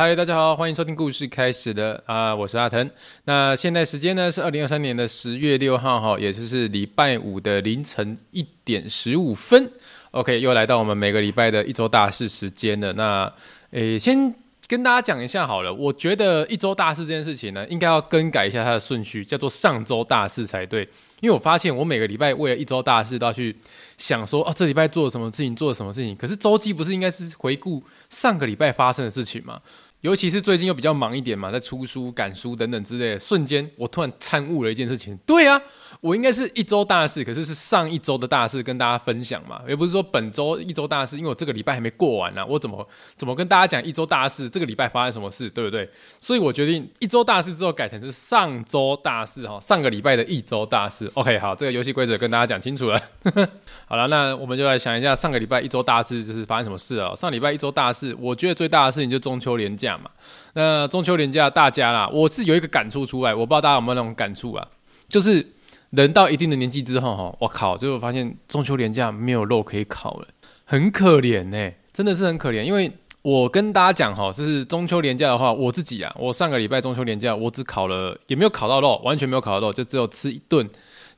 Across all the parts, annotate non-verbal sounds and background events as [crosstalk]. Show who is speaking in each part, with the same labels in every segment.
Speaker 1: 嗨，大家好，歡迎收聽故事開始的啊，呃，我是阿騰。那現在時間呢是二零二三年的十月六號，哈，也就是，是禮拜五的凌晨一點十五分。OK，又來到我們每個禮拜的一周大事時間了。那，誒，先跟大家講一下好了，我覺得一周大事這件事情呢，應該要更改一下它的順序，叫做上周大事才對。因為我發現我每個禮拜為了一周大事都要去想說，哦，這禮拜做了什麼事情，做了什麼事情。可是周記不是應該是回顧上個禮拜發生的事情嗎？尤其是最近又比較忙一點嘛，在出書、趕書等等之類的，瞬間我突然參悟了一件事情。對啊，我應該是一周大事，可是是上一周的大事跟大家分享嘛，也不是說本周一周大事，因為我這個禮拜還沒過完呢，啊，我怎麼怎麼跟大家講一周大事？這個禮拜發生什麼事，對不對？所以我決定一周大事之後改成是上周大事哈，上個禮拜的一周大事。OK，好，這個遊戲規則跟大家講清楚了。 [laughs] 好了，那我們就來想一下上個禮拜一周大事就是發生什麼事啊？上禮拜一周大事，我覺得最大的事情就是中秋連假。這樣嘛，那中秋連假大家啦，我是有一個感觸出來，我不知道大家有沒有那種感觸啊，就是人到一定的年紀之後，哈，我靠，最後發現中秋連假沒有肉可以烤了，很可憐呢，真的是很可憐，因為我跟大家講哈，就是中秋連假的話，我自己啊，我上個禮拜中秋連假，我只烤了，也沒有烤到肉，完全沒有烤到肉，就只有吃一頓。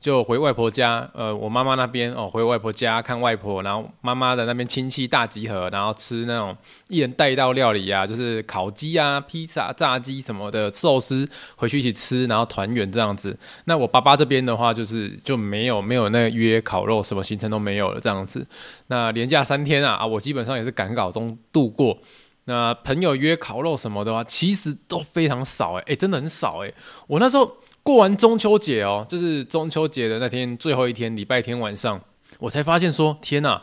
Speaker 1: 就回外婆家，呃，我媽媽那邊哦，回外婆家看外婆，然後媽媽的那邊親戚大集合，然後吃那種一人帶一道料理啊，就是烤雞啊、披薩、炸雞什麼的，壽司回去一起吃，然後團圓這樣子。那我爸爸這邊的話，就是就沒有沒有那個約烤肉，什麼行程都沒有了這樣子。那連假三天啊，啊，我基本上也是趕稿中度過。那朋友約烤肉什麼的話，其實都非常少欸，欸，真的很少欸，我那時候。過完中秋節哦，就是中秋節的那天最後一天，禮拜天晚上，我才發現說，天哪，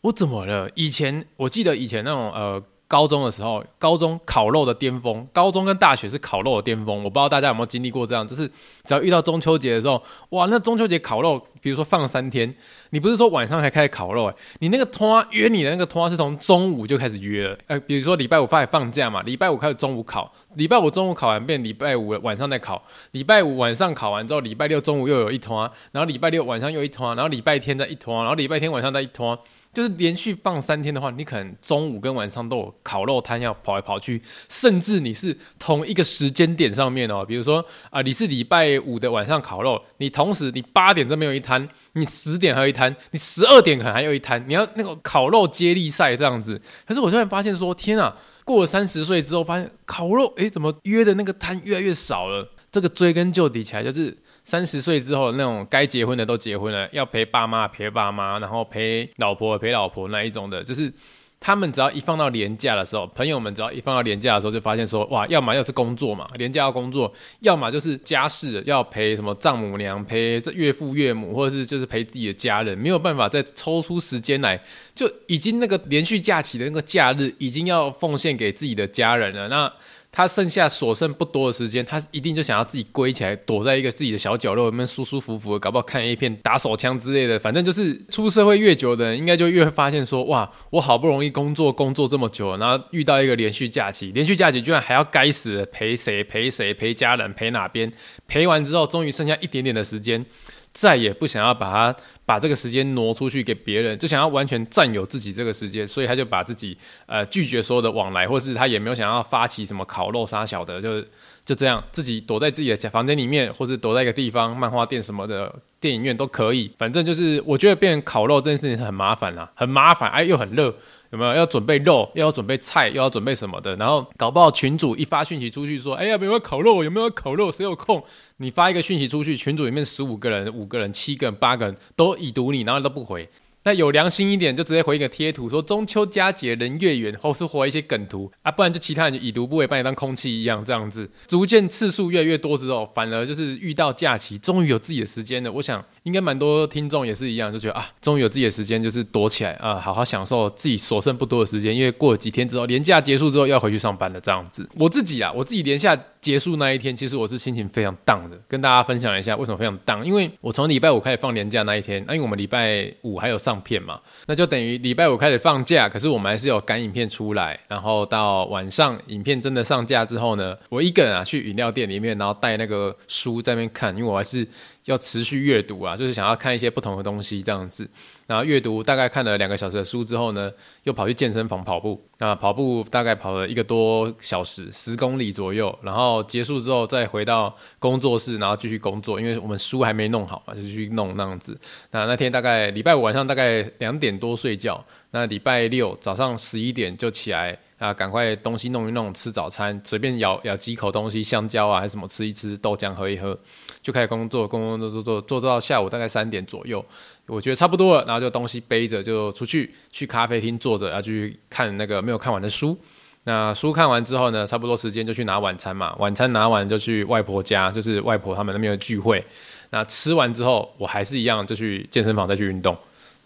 Speaker 1: 我怎麼了？以前我記得以前那種呃。高中的時候，高中烤肉的巔峰，高中跟大學是烤肉的巔峰。我不知道大家有沒有經歷過這樣，就是只要遇到中秋節的時候，哇，那中秋節烤肉，比如說放三天，你不是說晚上才開始烤肉，哎，你那個攤約你的那個攤是從中午就開始約了，哎、呃，比如說禮拜五開始放假嘛，禮拜五開始中午烤，禮拜五中午烤完變禮拜五晚上再烤，禮拜五晚上烤完之後，禮拜六中午又有一攤，然後禮拜六晚上又有一攤，然後禮拜天再一攤，然後禮拜天晚上再一攤。就是連續放三天的話，你可能中午跟晚上都有烤肉攤要跑來跑去，甚至你是同一個時間點上面哦、喔，比如說啊，你是禮拜五的晚上烤肉，你同時你八點這邊有一攤，你十點還有一攤，你十二點可能還有一攤，你要那個烤肉接力賽這樣子。可是我現在發現說，天啊，過了三十歲之後，發現烤肉、欸，誒怎麼約的那個攤越來越少了？這個追根究底起來就是。三十歲之後，那種該結婚的都結婚了，要陪爸媽陪爸媽，然後陪老婆陪老婆那一種的，就是他們只要一放到年假的時候，朋友們只要一放到年假的時候，就發現說，哇，要麼要是工作嘛，年假要工作，要麼就是家事要陪什麼丈母娘、陪岳父岳母，或者是就是陪自己的家人，沒有辦法再抽出時間來，就已經那個連續假期的那個假日已經要奉獻給自己的家人了，那。他剩下所剩不多的時間，他一定就想要自己歸起來，躲在一個自己的小角落裡面，舒舒服服的，搞不好看 A 片打手槍之類的。反正就是出社會越久的人，應該就越會發現說：哇，我好不容易工作工作這麼久了，然後遇到一個連續假期，連續假期居然還要該死的陪誰陪誰陪，陪家人陪哪邊，陪完之後，終於剩下一點點的時間，再也不想要把它。把這個時間挪出去給別人，就想要完全占有自己這個時間，所以他就把自己呃拒絕所有的往來，或是他也沒有想要發起什麼烤肉殺小的，就是就這樣自己躲在自己的房間裡面，或是躲在一個地方，漫畫店什麼的，電影院都可以，反正就是我覺得變烤肉這件事情是很麻煩啦，啊，很麻煩，哎，又很熱。有沒有要準備肉，又要準備菜，又要準備什麼的？然後搞不好群組一發訊息出去說：“哎、欸、呀，有沒有烤肉？有沒有烤肉？誰有空？”你發一個訊息出去，群組裡面十五個人，五個人、七個人、八個人都已讀你，然後都不回。那有良心一點，就直接回一個貼圖，說中秋佳節人月圓，或是回一些梗圖啊，不然就其他人已讀不回，把你當空氣一樣這樣子。逐漸次數越來越多之後，反而就是遇到假期，終於有自己的時間了。我想。應該蠻多聽眾也是一樣，就覺得啊，終於有自己的時間，就是躲起來啊，好好享受自己所剩不多的時間。因為過了幾天之後，連假結束之後要回去上班了，這樣子。我自己啊，我自己連假結束那一天，其實我是心情非常蕩的，跟大家分享一下為什麼非常蕩。因為我從禮拜五開始放連假那一天，那、啊、因為我們禮拜五還有上片嘛，那就等於禮拜五開始放假，可是我們還是有趕影片出來，然後到晚上影片真的上架之後呢，我一個人啊去飲料店裡面，然後帶那個書在那邊看，因為我還是。要持續閱讀啊，就是想要看一些不同的東西這樣子。然後閱讀大概看了兩個小時的書之後呢，又跑去健身房跑步。那跑步大概跑了一個多小時，十公里左右。然後結束之後再回到工作室，然後繼續工作，因為我們書還沒弄好嘛，就去弄那樣子。那那天大概禮拜五晚上大概兩點多睡覺。那禮拜六早上十一點就起來。啊，趕快東西弄一弄，吃早餐，隨便咬咬幾口東西，香蕉啊還是什麼，吃一吃，豆漿喝一喝，就開始工作，工作，做做做，做到下午大概三點左右，我覺得差不多了，然後就東西背着就出去，去咖啡廳坐着，然後去看那個沒有看完的書。那書看完之後呢，差不多時間就去拿晚餐嘛，晚餐拿完就去外婆家，就是外婆他們那邊的聚會。那吃完之後，我還是一樣就去健身房再去運動，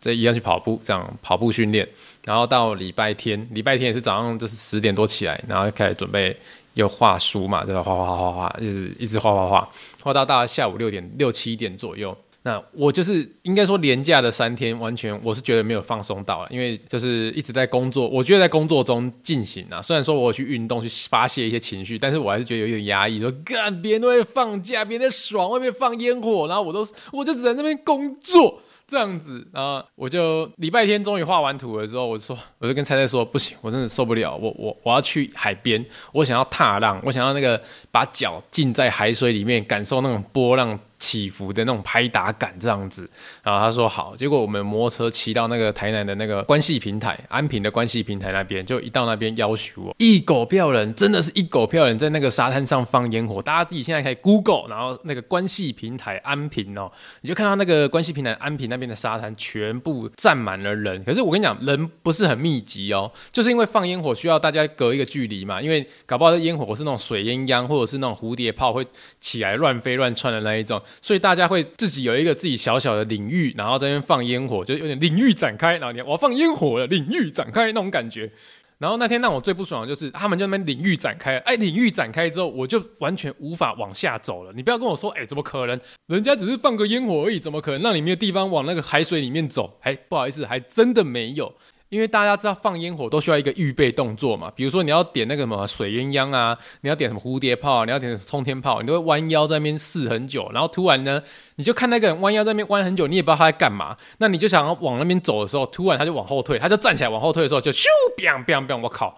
Speaker 1: 這一樣去跑步，這樣跑步訓練。然後到禮拜天，禮拜天也是早上，就是十點多起來，然後開始準備又畫書嘛，就在畫畫畫畫畫，就是一直畫畫畫，畫到大概下午六點六七點左右。那我就是應該說連假的三天，完全我是覺得沒有放鬆到，因為就是一直在工作。我覺得在工作中進行啊，雖然說我有去運動去发泄一些情緒，但是我還是覺得有一點壓抑。說，幹別人都會放假，別人在爽，外面放煙火，然後我都我就只在那邊工作。這樣子，然後我就禮拜天終於畫完圖了之後，我就說，我就跟蔡蔡說，不行，我真的受不了，我我我要去海邊，我想要踏浪，我想要那個把腳浸在海水裡面，感受那種波浪，起伏的那種拍打感這樣子，然後他說好，結果我們摩托車騎到那個台南的那個關係平台，安平的關係平台那邊，就一到那邊要求我一狗票人，真的是一狗票人在那個沙灘上放煙火，大家自己現在可以 Google，然後那個關係平台安平喔，你就看到那個關係平台安平那邊的沙灘全部站滿了人，可是我跟你講，人不是很密集喔，就是因為放煙火需要大家隔一個距離嘛，因為搞不好煙火是那種水鴛鴦或者是那種蝴蝶炮會起來亂飛亂竄的那一種。所以大家會自己有一個自己小小的領域，然後在那邊放煙火，就是有點領域展開，然後你要我要放煙火了，領域展開那種感覺。然後那天讓我最不爽的就是他們就那邊領域展開，哎、欸，領域展開之後我就完全無法往下走了。你不要跟我說，哎、欸，怎麼可能？人家只是放個煙火而已，怎麼可能讓裡面的地方往那個海水裡面走？哎、欸，不好意思，還真的沒有。因為大家知道放煙火都需要一個預備動作嘛，比如說你要點那個什麼、啊、水鴛鴦啊，你要點什麼蝴蝶炮啊，你要點衝天炮，你都會彎腰在那邊試很久，然後突然呢，你就看那個人彎腰在那邊彎很久，你也不知道他在幹嘛，那你就想要往那邊走的時候，突然他就往後退，他就站起來往後退的時候就咻，砰砰砰，我靠！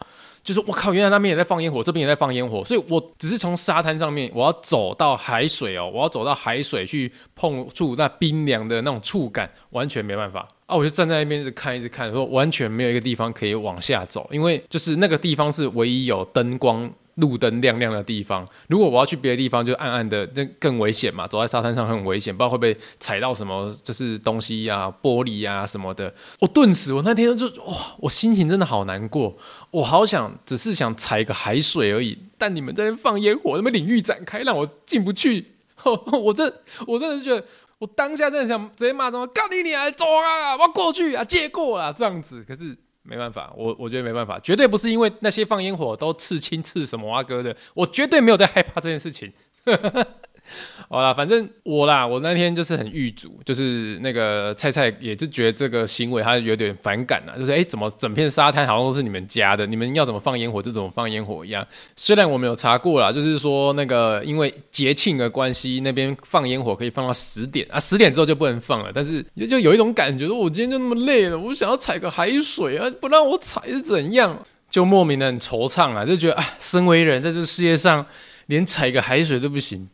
Speaker 1: 就是我靠，原來那邊也在放煙火，這邊也在放煙火，所以我只是從沙灘上面，我要走到海水哦、喔，我要走到海水去碰觸那冰涼的那種觸感，完全沒辦法啊！我就站在那邊一直看，一直看，說完全沒有一個地方可以往下走，因為就是那個地方是唯一有燈光。路燈亮亮的地方，如果我要去別的地方，就暗暗的，那更危險嘛。走在沙灘上很危險，不知道會被踩到什麼，就是東西呀、啊、玻璃呀、啊、什麼的。我頓時，我那天就哇，我心情真的好難過，我好想只是想踩個海水而已。但你們在那放煙火，什麼領域展開，讓我進不去。呵呵。我這，我真的是覺得，我當下真的想直接罵他們，搞你你還走啊！我要過去啊，借過啊，這樣子。可是。沒辦法，我我覺得沒辦法，絕對不是因為那些放煙火都刺青、刺什麼啊，哥的，我絕對沒有在害怕這件事情。 [laughs] 好啦，反正我啦，我那天就是很鬱卒，就是那個蔡蔡也是覺得這個行為他有點反感啊，就是哎，怎麼整片沙灘好像都是你們家的，你們要怎麼放煙火就怎麼放煙火一樣。雖然我沒有查過啦，就是說那個因為節慶的關係，那邊放煙火可以放到十點啊，十點之後就不能放了。但是就就有一種感覺，我今天就那麼累了，我想要踩個海水啊，不讓我踩是怎樣，就莫名的很惆悵啊，就覺得啊，身為人在這個世界上，連踩個海水都不行。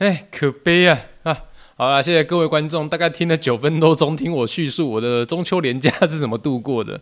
Speaker 1: 哎、欸，可悲啊！啊，好了，謝謝各位觀眾，大概聽了九分多鐘，聽我敘述我的中秋連假是怎麼度過的。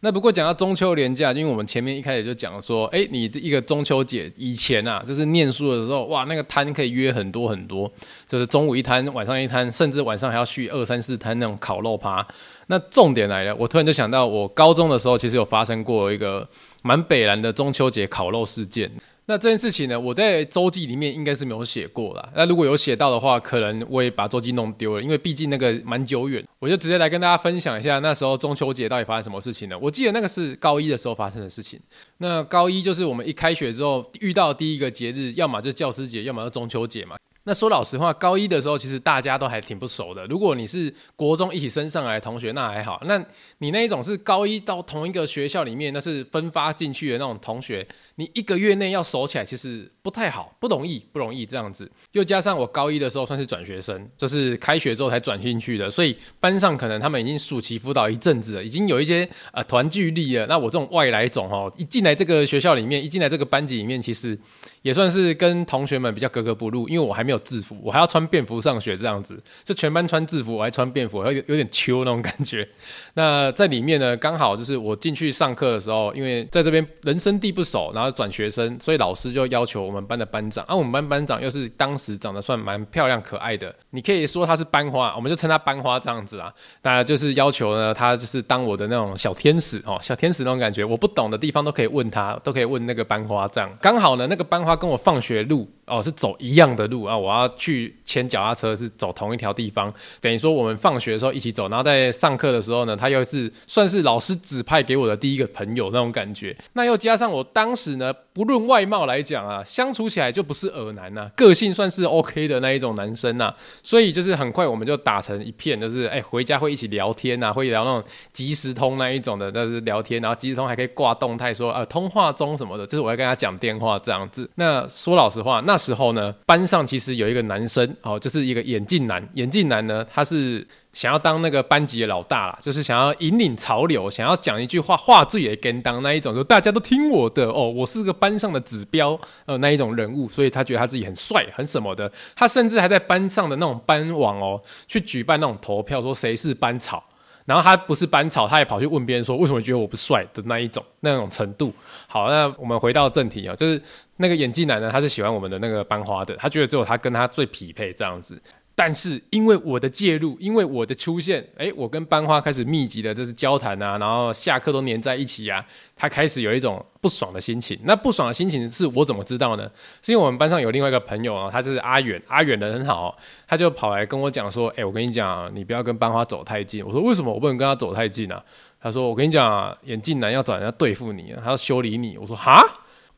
Speaker 1: 那不過講到中秋連假，因為我們前面一開始就講說，哎、欸，你這一個中秋節以前吶、啊，就是念書的時候，哇，那個攤可以約很多很多，就是中午一攤，晚上一攤，甚至晚上還要續二三四攤那種烤肉趴。那重點來了，我突然就想到，我高中的時候其實有發生過一個蠻北爛的中秋節烤肉事件。那這件事情呢，我在周記裡面應該是沒有寫過啦。那如果有寫到的話，可能我也把周記弄丟了，因為畢竟那個蠻久遠。我就直接來跟大家分享一下，那時候中秋節到底發生什麼事情呢？我記得那個是高一的時候發生的事情。那高一就是我們一開學之後遇到第一個節日，要麼就教師節，要麼就中秋節嘛。那說老實話，高一的時候其實大家都還挺不熟的。如果你是國中一起升上來的同學，那還好；那你那一種是高一到同一個學校裡面，那是分發進去的那種同學，你一個月內要熟起來，其實。不太好，不容易，不容易，這樣子。又加上我高一的時候算是轉學生，就是開學之後才轉進去的，所以班上可能他們已經暑期輔導一陣子了，已經有一些呃團聚力了。那我這種外來種哦、喔，一進來這個學校裡面，一進來這個班級裡面，其實也算是跟同學們比較格格不入，因為我還沒有制服，我還要穿便服上學這樣子，就全班穿制服，我還穿便服，還有有點秋那種感覺。那在裡面呢，剛好就是我進去上課的時候，因為在這邊人生地不熟，然後轉學生，所以老師就要求。我們班的班長啊，我們班班長又是當時長得算蠻漂亮可愛的，你可以說她是班花，我們就稱她班花這樣子啊。當然就是要求呢，她就是當我的那種小天使哦，小天使那種感覺，我不懂的地方都可以問她，都可以問那個班花這樣。剛好呢，那個班花跟我放學路，哦，是走一樣的路啊！我要去牽腳踏車，是走同一條地方，等於說我們放學的時候一起走，然後在上課的時候呢，他又是算是老師指派給我的第一個朋友那種感覺。那又加上我當時呢，不論外貌來講啊，相處起來就不是耳男吶、啊，個性算是 OK 的那一種男生吶、啊，所以就是很快我們就打成一片，就是哎、欸、回家會一起聊天吶、啊，會聊那種即時通那一種的，但、就是聊天，然後即時通還可以掛動態說啊通話中什麼的，就是我要跟他講電話這樣子。那說老實話，那。那時候呢，班上其實有一個男生哦，就是一個眼鏡男。眼鏡男呢，他是想要當那個班級的老大啦，就是想要引領潮流，想要講一句話話最也跟當那一種，就大家都聽我的哦，我是個班上的指標呃那一種人物，所以他覺得他自己很帥很什麼的。他甚至還在班上的那種班網哦，去舉辦那種投票，說誰是班草。然後他不是班草，他也跑去問別人說為什麼覺得我不帥的那一種那種程度。好，那我們回到正題啊、哦，就是。那個眼鏡男呢？他是喜歡我們的那個班花的，他覺得只有他跟他最匹配這樣子。但是因為我的介入，因為我的出現，哎、欸，我跟班花開始密集的就是交談啊，然後下課都黏在一起呀、啊，他開始有一種不爽的心情。那不爽的心情是我怎麼知道呢？是因為我們班上有另外一個朋友啊，他就是阿遠，阿遠人很好、喔，他就跑來跟我講說：“哎、欸，我跟你講、啊，你不要跟班花走太近。”我說：“為什麼我不能跟他走太近啊？”他說：“我跟你講、啊，眼鏡男要找人家對付你、啊，他要修理你。”我說：“哈？”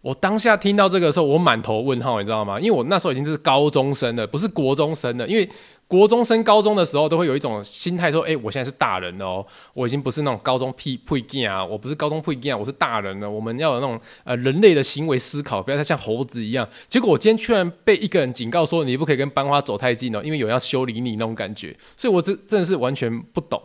Speaker 1: 我當下聽到這個的時候，我滿頭問號，你知道嗎？因為我那時候已經是高中生了，不是國中生了。因為國中升高中的時候都會有一種心態，說：“哎、欸，我現在是大人了哦、喔，我已經不是那種高中屁配件啊，我不是高中配件啊，我是大人了。我們要有那種呃人類的行為思考，不要再像猴子一樣。”結果我今天居然被一個人警告說：“你不可以跟班花走太近哦、喔，因為有人要修理你那種感覺。”所以，我這真的是完全不懂。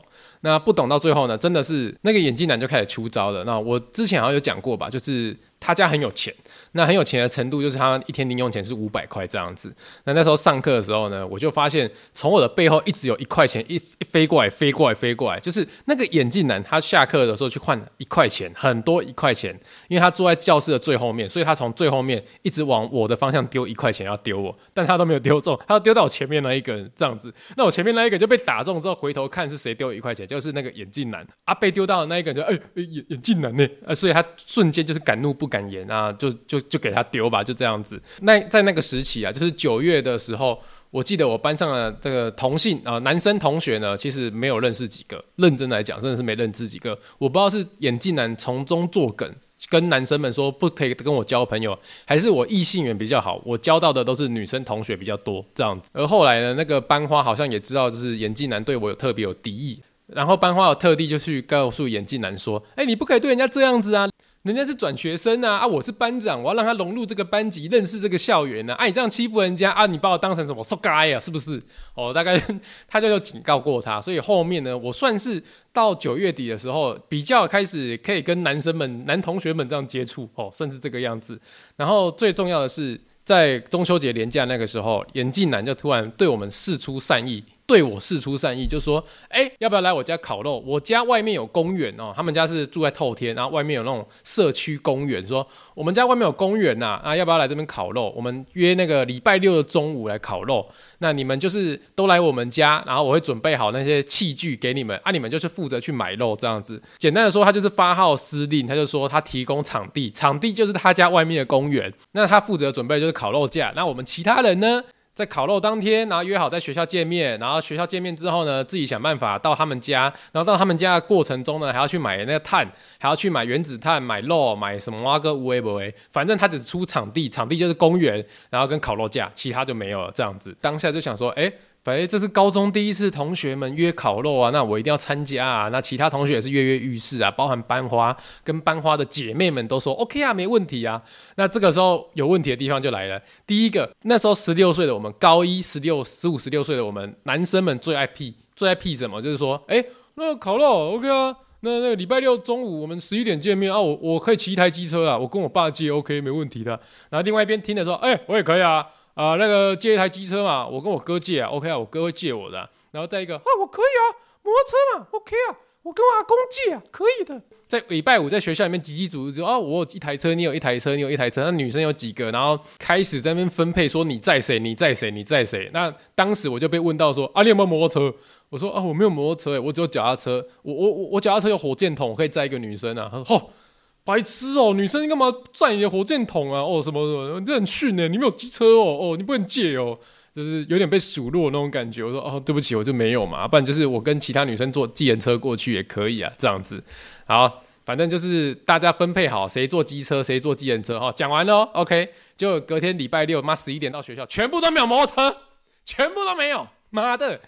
Speaker 1: 那不懂到最後呢，真的是那個眼鏡男就開始出招了。那我之前好像有講過吧，就是。他家很有錢，那很有錢的程度就是他一天零用錢是五百塊這樣子。那那時候上課的時候呢，我就發現從我的背後一直有一塊錢一一飛過來，飛過來，飛過來，就是那個眼鏡男。他下課的時候去換一塊錢，很多一塊錢，因為他坐在教室的最後面，所以他從最後面一直往我的方向丟一塊錢，要丟我，但他都沒有丟中，他丟到我前面那一個人這樣子。那我前面那一個就被打中之後，回頭看是誰丟一塊錢，就是那個眼鏡男。啊被，被丟到的那一個就哎眼眼鏡男呢、欸？啊、所以他瞬間就是敢怒不敢。感言啊，就就就給他丟吧，就這樣子。那在那個時期啊，就是九月的時候，我記得我班上的這個同性啊、呃，男生同學呢，其實沒有認識幾個。認真來講，真的是沒認識幾個。我不知道是眼鏡男從中作梗，跟男生們說不可以跟我交朋友，還是我異性緣比較好，我交到的都是女生同學比較多這樣子。而後來呢，那個班花好像也知道，就是眼鏡男對我有特別有敵意，然後班花特地就去告訴眼鏡男說：“哎、欸，你不可以對人家這樣子啊。”人家是轉學生啊，啊，我是班長，我要讓他融入這個班級，認識這個校園呢、啊。啊、你這樣欺負人家啊，你把我當成什麼？受該啊，是不是？哦，大概他就警告過他，所以後面呢，我算是到九月底的時候，比較開始可以跟男生們、男同學們這樣接觸哦，算是這個樣子。然後最重要的是，在中秋節連假那個時候，眼鏡男就突然對我們釋出善意。對我釋出善意，就說：“誒、欸，要不要來我家烤肉？我家外面有公園哦。他們家是住在透天，然後外面有那種社區公園。說我們家外面有公園吶、啊，啊，要不要來這邊烤肉？我們約那個禮拜六的中午來烤肉。那你們就是都來我們家，然後我會準備好那些器具給你們。啊，你們就是負責去買肉這樣子。簡單的說，他就是發號施令，他就說他提供場地，場地就是他家外面的公園。那他負責準備就是烤肉架。那我們其他人呢？”在烤肉當天，然後約好在學校見面，然後學校見面之後呢，自己想辦法到他們家，然後到他們家的過程中呢，還要去買那個炭，還要去買原子炭，買肉，買什麼挖個烏龜不的？反正他只出場地，場地就是公園，然後跟烤肉架，其他就沒有了。這樣子，當下就想說，哎、欸。誒，這是高中第一次同學們約烤肉啊，那我一定要參加啊。那其他同學也是躍躍欲試啊，包含班花跟班花的姐妹們都說 OK 啊，沒問題啊。那這個時候有問題的地方就來了。第一個，那時候十六歲的我們高一十六十五十六歲的我們男生們最愛屁最愛屁什麼，就是說，哎，那個烤肉 OK 啊，那那禮拜六中午我們十一點見面啊，我我可以騎一台機車啊，我跟我爸借 OK 沒問題的。然後另外一邊聽的時候，哎，我也可以啊。啊，那個借一台機車嘛，我跟我哥借啊，OK 啊，我哥會借我的。啊，然後再一個啊，我可以啊，摩托車嘛，OK 啊，我跟我阿公借啊，可以的。在禮拜五在學校裡面集結組之後，就啊，我有一台車，你有一台車，你有一台車，那女生有幾個？然後開始在那邊分配，說你載誰，你載誰，你載誰。那當時我就被問到說啊，你有沒有摩托車？我說啊，我沒有摩托車，誒，我只有腳踏車。我我我我腳踏車有火箭筒，可以載一個女生啊。他說吼。哦白癡哦、喔，女生你幹嘛拽你的火箭筒啊？哦什麼什麼的，你這很遜呢、欸，你沒有機車哦、喔、哦，你不能借哦、喔，就是有點被數落那種感覺。我說哦，對不起，我就沒有嘛，不然就是我跟其他女生坐計程車過去也可以啊，這樣子。好，反正就是大家分配好，誰坐機車誰坐計程車哈。講完了、喔、OK，就隔天禮拜六媽十一點到學校，全部都沒有摩托車，全部都沒有，媽的。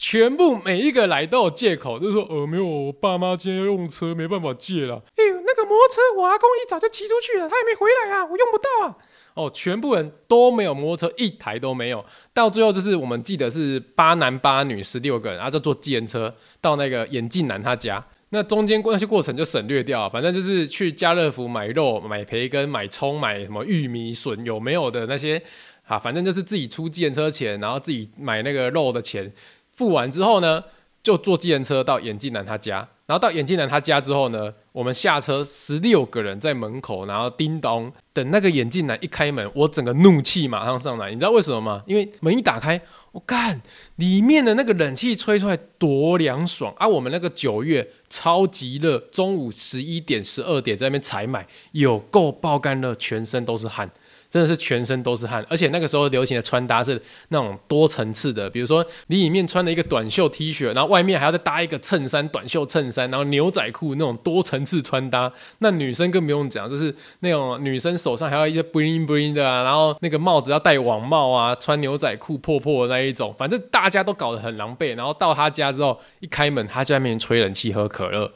Speaker 1: 全部每一個來都有借口，就是說，呃，沒有，我爸媽今天要用車，沒辦法借了。哎呦，那個摩托車，我阿公一早就騎出去了，他還沒回來啊，我用不到啊。哦，全部人都沒有摩托車，一台都沒有。到最後就是我們記得是八男八女十六個人，然、啊、後坐計程車到那個眼鏡男他家。那中間那些過程就省略掉了，反正就是去家樂福買肉、買培根、買蔥、買蔥、買什麼玉米筍有沒有的那些啊，反正就是自己出計程車錢，然後自己買那個肉的錢。付完之後呢，就坐計程車到眼鏡男他家，然後到眼鏡男他家之後呢，我們下車，十六個人在門口，然後叮咚，等那個眼鏡男一開門，我整個怒氣馬上上來，你知道為什麼嗎？因為門一打開，我幹，裡面的那個冷氣吹出來多涼爽啊！我們那個九月超級熱，中午十一點、十二點在那邊採買，有夠爆幹熱，全身都是汗。真的是全身都是汗，而且那個時候流行的穿搭是那種多層次的，比如說你裡面穿了一個短袖 T 恤，然後外面還要再搭一個襯衫、短袖襯衫，然後牛仔褲那種多層次穿搭。那女生更不用講，就是那種女生手上還要一些 bling bling 的啊，然後那個帽子要戴網帽啊，穿牛仔褲破破的那一種，反正大家都搞得很狼狽。然後到他家之後，一開門，他就在那邊吹冷氣喝可樂，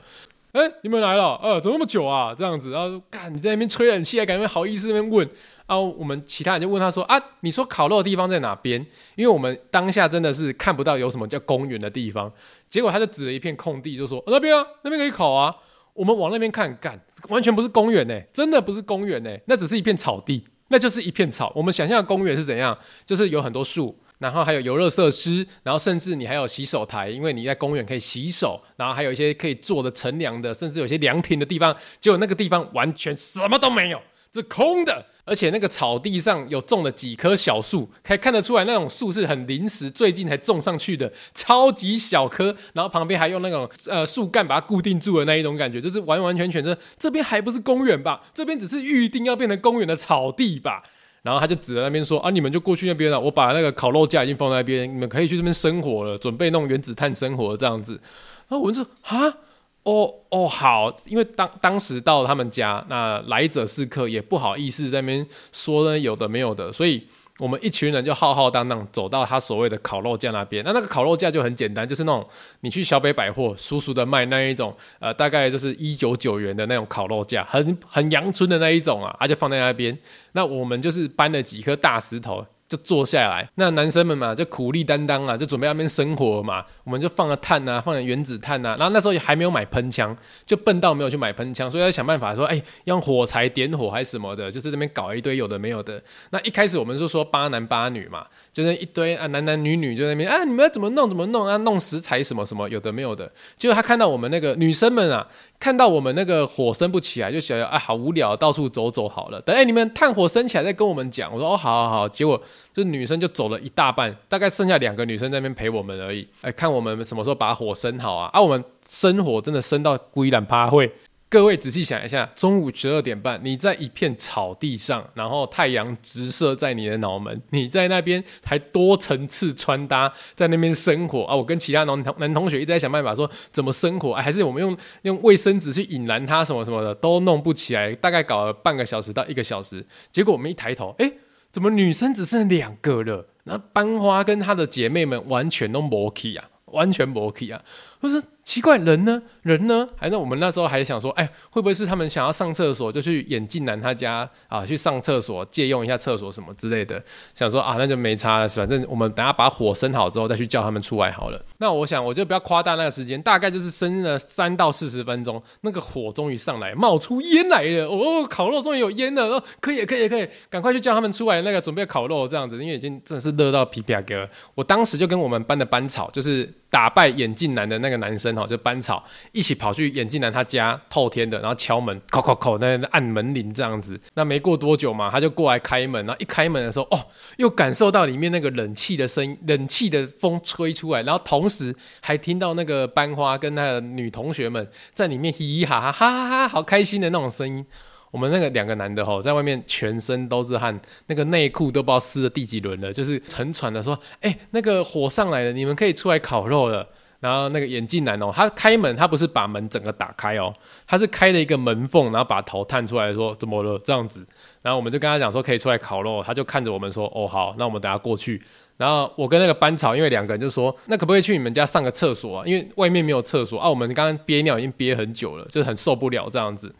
Speaker 1: 哎、欸，你們來了，呃，怎麼那麼久啊？這樣子，然後說，看你在那邊吹冷氣，還敢好意思在那邊問？啊，然後我們其他人就問他說：“啊，你說烤肉的地方在哪邊？”因為我們當下真的是看不到有什麼叫公園的地方。結果他就指了一片空地，就說：“哦、那邊啊，那邊可以烤啊。”我們往那邊看看，幹，完全不是公園呢，真的不是公園呢，那只是一片草地，那就是一片草。我們想象的公園是怎樣？就是有很多樹，然後還有遊樂設施，然後甚至你還有洗手台，因為你在公園可以洗手，然後還有一些可以坐著乘涼的，甚至有些涼亭的地方。結果那個地方完全什麼都沒有。是空的，而且那個草地上有種了幾棵小樹，可以看得出來那種樹是很臨時，最近才種上去的，超級小棵。然後旁邊還用那種呃樹幹把它固定住的那一種感覺，就是完完全全，就是，這這邊還不是公園吧？這邊只是預定要變成公園的草地吧？然後他就指着那邊說：“啊，你們就過去那邊了，我把那個烤肉架已經放在那邊，你們可以去這邊生火了，準備弄原子炭生火這樣子。”然後我就說：“哈？”哦哦好，因為當當時到他們家，那來者是客，也不好意思在那邊說呢，有的沒有的，所以我們一群人就浩浩蕩蕩蕩走到他所謂的烤肉架那邊。那那個烤肉架就很簡單，就是那種你去小北百貨俗俗的賣那一種，呃，大概就是一九九元的那種烤肉架，很很陽春的那一種啊，啊、而且放在那邊。那我們就是搬了幾顆大石頭就坐下來，那男生們嘛就苦力擔當啊，就準備在那邊生火嘛。我們就放了碳吶、啊，放了原子碳吶、啊，然後那時候也還沒有買噴槍，就笨到沒有去買噴槍，所以要想辦法說，哎、欸，用火柴點火還是什麼的，就是在那邊搞一堆有的沒有的。那一開始我們就說八男八女嘛，就是一堆啊男男女女就在那邊啊，你們要怎麼弄怎麼弄啊，弄食材什麼什麼有的沒有的。結果他看到我們那個女生們啊，看到我們那個火升不起來，就想要啊，好無聊，到處走走好了。等、欸、你們炭火升起來再跟我們講。我說哦，好好好。結果。就女生就走了一大半，大概剩下兩個女生在那邊陪我們而已。哎、欸，看我們什麼時候把火生好啊？啊，我們生火真的生到鬼藍趴會。各位仔細想一下，中午十二點半，你在一片草地上，然後太陽直射在你的腦門，你在那邊還多層次穿搭，在那邊生火啊！我跟其他男同男同學一直在想辦法說怎麼生火，欸，還是我們用用衛生紙去引燃它什麼什麼的都弄不起來。大概搞了半個小時到一個小時，結果我們一抬頭，哎、欸。怎麼女生只剩兩個了？那班花跟她的姐妹們完全都沒戲啊，完全沒戲啊。不是奇怪，人呢？人呢？反正我們那時候還想說，哎、欸，會不會是他們想要上廁所，就去眼鏡男他家啊，去上廁所，借用一下廁所什麼之類的？想說啊，那就沒差了，反正我們等下把火生好之後再去叫他們出來好了。那我想，我就不要誇大那個時間，大概就是生了三到四十分鐘，那個火終於上來，冒出煙來了。哦，烤肉終於有煙了，哦，可以，可以，可以，趕快去叫他們出來，那個準備烤肉這樣子，因為已經真的是熱到皮皮蝦了。我當時就跟我們班的班草就是。打敗眼鏡男的那個男生哈，就班草一起跑去眼鏡男他家，透天的，然後敲門，叩叩叩，那按門鈴這樣子。那沒過多久嘛，他就過來開門，然後一開門的時候，哦，又感受到裡面那個冷氣的聲音，冷氣的風吹出來，然後同時還聽到那個班花跟他的女同學們在裡面嘻嘻哈哈哈哈哈，好開心的那種聲音。我們那個兩個男的吼，在外面全身都是汗，那個內褲都不知道濕了第幾輪了，就是很喘的說：“哎、欸，那個火上來了，你們可以出來烤肉了。”然後那個眼鏡男哦，他開門，他不是把門整個打開哦，他是開了一個門縫，然後把頭探出來說：“怎麼了？這樣子？”然後我們就跟他講說：“可以出來烤肉。”他就看着我們說：“哦，好，那我們等下過去。”然後我跟那個班草，因為兩個人就說：“那可不可以去你們家上個廁所啊？因為外面沒有廁所啊，我們剛剛憋尿已經憋很久了，就是很受不了這樣子。”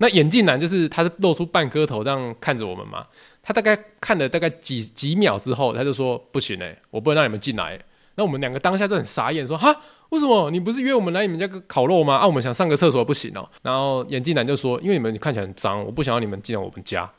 Speaker 1: 那眼鏡男就是他是露出半顆頭這樣看着我們嘛，他大概看了大概幾幾秒之後，他就說不行誒、欸，我不能讓你們進來、欸。那我們兩個當下就很傻眼說，說哈，為什麼？你不是約我們來你們家烤肉嗎？啊，我們想上個廁所不行哦、喔。然後眼鏡男就說，因為你們看起來很髒，我不想讓你們進來我們家。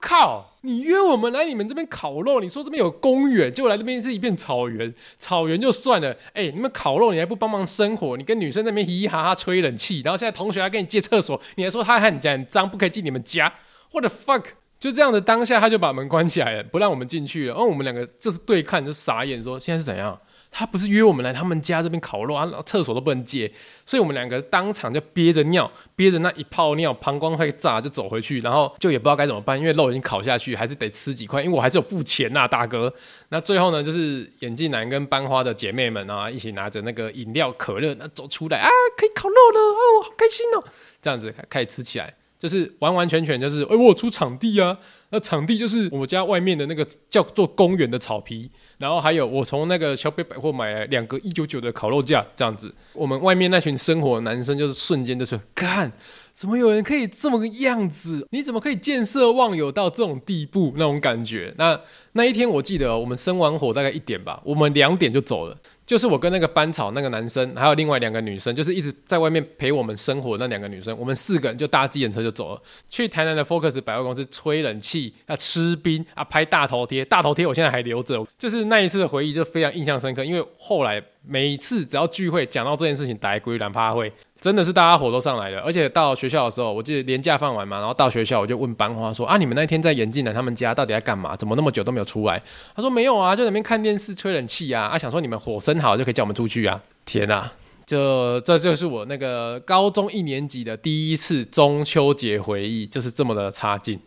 Speaker 1: 靠！你約我們來你們這邊烤肉，你說這邊有公園，結果來這邊是一片草原，草原就算了。哎、欸，你們烤肉你還不幫忙生火，你跟女生在那邊嘻嘻哈哈吹冷氣，然後現在同學還跟你借廁所，你還說他很髒很髒，不可以進你們家。What the fuck！就這樣的當下，他就把門關起來了，不讓我們進去了。然、嗯、後我們兩個就是對看，就傻眼說，說現在是怎樣。他不是約我們來他們家這邊烤肉啊，廁所都不能借，所以我們兩個當場就憋着尿，憋着那一泡尿，膀胱會炸，就走回去，然後就也不知道該怎麼辦，因為肉已經烤下去，還是得吃幾塊，因為我還是有付錢吶、啊，大哥。那最後呢，就是眼鏡男跟班花的姐妹們啊，一起拿着那個飲料可樂，那走出來啊，可以烤肉了哦，好開心哦，這樣子開始吃起來，就是完完全全就是，哎、欸，我有出場地啊，那場地就是我們家外面的那個叫做公園的草皮。然後還有，我從那個小北百貨買了兩個一九九的烤肉架，這樣子。我們外面那群生火男生就是瞬間就是，看，怎麼有人可以這麼個樣子？你怎麼可以見色忘友到這種地步？那種感覺。那那一天我記得，我們生完火大概一點吧，我們兩點就走了。就是我跟那個班草那個男生，還有另外兩個女生，就是一直在外面陪我們生活的那兩個女生，我們四個人就搭計程車就走了，去台南的 Focus 百貨公司吹冷氣、啊吃冰、啊拍大頭貼。大頭貼我現在還留着，就是那一次的回憶就非常印象深刻，因為後來每一次只要聚會講到這件事情，大家果然怕會。真的是大家火都上來了，而且到學校的時候，我記得連假放完嘛，然後到學校我就問班花說：“啊，你們那天在嚴靜南他們家到底在幹嘛？怎麼那麼久都沒有出來？”他說：“沒有啊，就在那邊看電視吹冷氣啊。”啊，想說你們火生好就可以叫我們出去啊！天啊，就這就是我那個高中一年級的第一次中秋節回憶，就是這麼的差勁。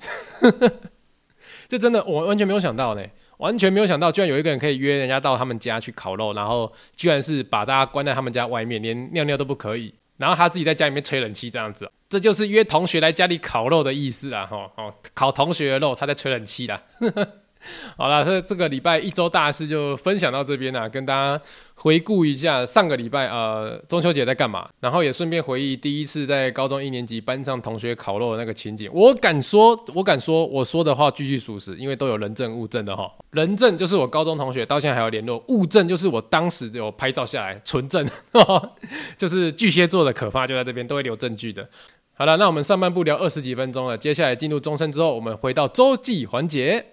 Speaker 1: 這 [laughs] 真的我完全沒有想到呢、欸，完全沒有想到居然有一個人可以約人家到他們家去烤肉，然後居然是把大家關在他們家外面，連尿尿都不可以。然後他自己在家裡面吹冷氣這樣子，這就是約同學來家裡烤肉的意思啊！吼吼，烤同學的肉，他在吹冷氣啦。呵呵好了，這這個禮拜一周大事就分享到這邊啦。啊，跟大家回顧一下上個禮拜呃中秋節在幹嘛，然後也順便回憶第一次在高中一年級班上同學烤肉的那個情景。我敢說，我敢說，我說的話句句屬實，因為都有人證物證的哈。人證就是我高中同學到現在還有聯絡，物證就是我當時有拍照下來存證呵呵，就是巨蟹座的可怕就在這邊，都會留證據的。好了，那我們上半部聊二十幾分鐘了，接下來進入中身之後，我們回到周記環節。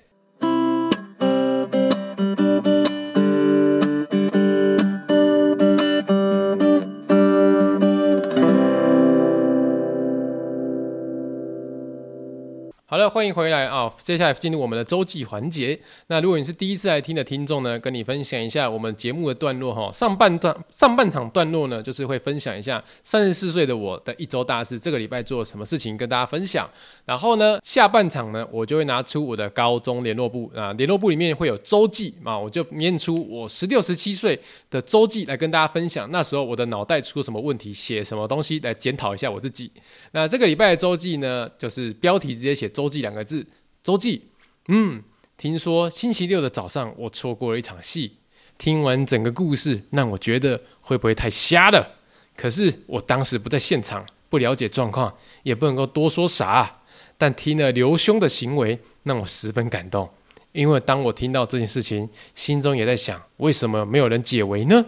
Speaker 1: 好了，歡迎回來啊！接下來進入我們的周記環節。那如果你是第一次來聽的聽眾呢，跟你分享一下我們節目的段落哈。上半段、上半場段落呢，就是會分享一下三十四歲的我的一周大事，這個禮拜做什麼事情跟大家分享。然後呢，下半場呢，我就會拿出我的高中聯絡簿啊，聯絡簿裡面會有周記啊，我就念出我十六、十七歲的周記來跟大家分享。那時候我的腦袋出什麼問題，寫什麼東西來檢討一下我自己。那這個禮拜的周記呢，就是標題直接寫周記兩個字，週記。嗯，聽說星期六的早上我錯過了一場戲，聽完整個故事，讓我覺得會不會太瞎了？可是我當時不在現場，不了解狀況，也不能夠多說啥啊。但聽了劉兄的行為，讓我十分感動，因為當我聽到這件事情，心中也在想，為什麼沒有人解圍呢？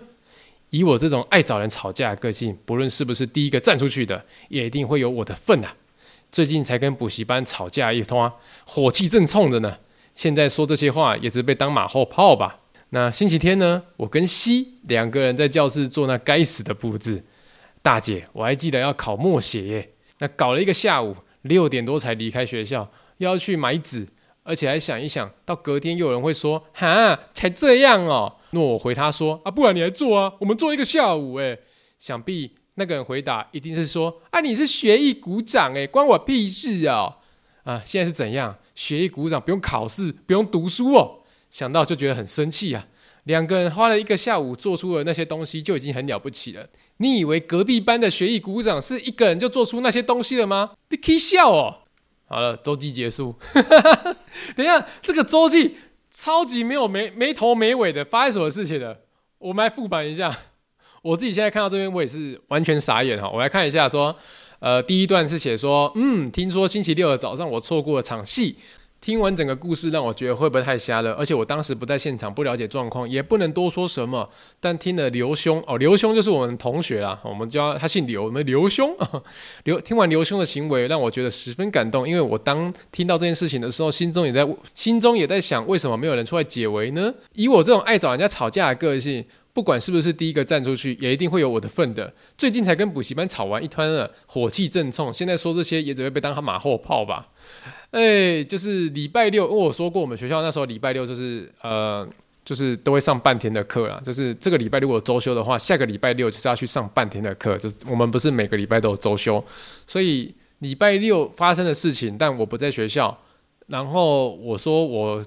Speaker 1: 以我這種愛找人吵架的個性，不論是不是第一個站出去的，也一定會有我的份啊！最近才跟補習班吵架一通啊，火氣正衝着呢。現在說這些話，也是被當馬後炮吧。那星期天呢，我跟西兩個人在教室做那該死的布置。大姐，我還記得要考默寫耶。那搞了一個下午，六點多才離開學校，要去買紙，而且還想一想到隔天又有人會說：“哈，才這樣哦。”那我回他說：“啊，不然你來做啊，我們做一個下午。”哎，想必。那個人回答：“一定是說，啊，你是學藝股長哎、欸，關我屁事啊！啊，現在是怎樣？學藝股長不用考試，不用讀書哦。想到就覺得很生氣啊。兩個人花了一個下午做出了那些東西，就已經很了不起了。你以為隔壁班的學藝股長是一個人就做出那些東西了嗎？你開笑哦。好了，周記結束。 [laughs] 等一下，這個周記超級沒有沒沒頭沒尾的，發生什麼事情了？我們來復盤一下。”我自己現在看到這邊，我也是完全傻眼哈！我來看一下，說，呃，第一段是寫說，嗯，聽說星期六的早上我錯過了場戲，聽完整個故事讓我覺得會不會太瞎了？而且我當時不在現場，不了解狀況，也不能多說什麼。但聽了劉兄，哦，劉兄就是我們同學啦，我們叫他姓劉，我們劉兄啊，劉，聽完劉兄的行為，讓我覺得十分感動，因為我當聽到這件事情的時候，心中也在心中也在想，為什麼沒有人出來解圍呢？以我這種愛找人家吵架的個性，不管是不是第一個站出去，也一定會有我的份的。最近才跟補習班吵完一團了，火氣正衝，現在說這些也只會被當他馬後炮吧。哎、欸，就是禮拜六，因為我說過，我們學校那時候禮拜六就是呃，就是都會上半天的課啦。就是這個禮拜如果周休的話，下個禮拜六就是要去上半天的課。就是我們不是每個禮拜都有周休，所以禮拜六發生的事情，但我不在學校。然後我說我。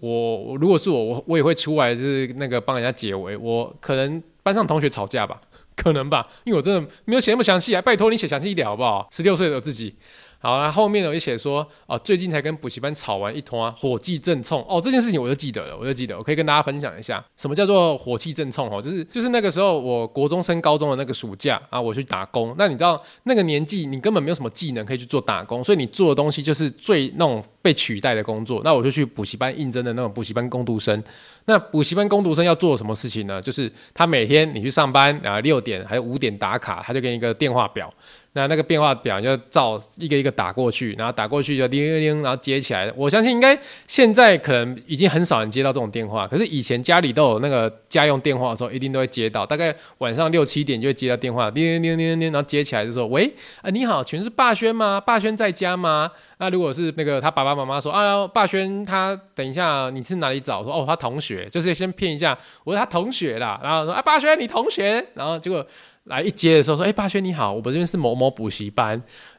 Speaker 1: 我如果是我，我我也會出來就是那個幫人家解圍，我可能班上同學吵架吧，可能吧，因為我真的沒有寫那麼詳細，拜託你寫詳細一點好不好？十六歲的我自己，好，然後面有一寫說哦、啊，最近才跟補習班吵完一通啊，火氣正衝哦，這件事情我就記得了，我就記得，我可以跟大家分享一下什麼叫做火氣正衝哦，就是就是那個時候我國中升高中的那個暑假啊，我去打工，那你知道那個年紀你根本沒有什麼技能可以去做打工，所以你做的東西就是最那種。被取代的工作，那我就去補習班應徵的那種補習班工讀生。那補習班工讀生要做什麼事情呢？就是他每天你去上班啊，六點還有五點打卡，他就給你一個電話表。那那個電話表你就照一個一個打過去，然後打過去就叮叮叮，然後接起來。我相信應該現在可能已經很少人接到這種電話，可是以前家裡都有那個家用電話的時候，一定都會接到。大概晚上六七點就會接到電話，叮叮叮叮叮，然後接起來就說：“喂啊，你好，全是霸軒嗎？霸軒在家嗎？”那如果是那個他爸爸。他媽媽說：“啊，霸軒，他等一下，你是哪裡找？說哦，他同學，就是先騙一下，我說他同學啦。然後說啊，霸軒，你同學。然後結果來一接的時候，說，哎，霸軒你好，我們這邊是某某補習班。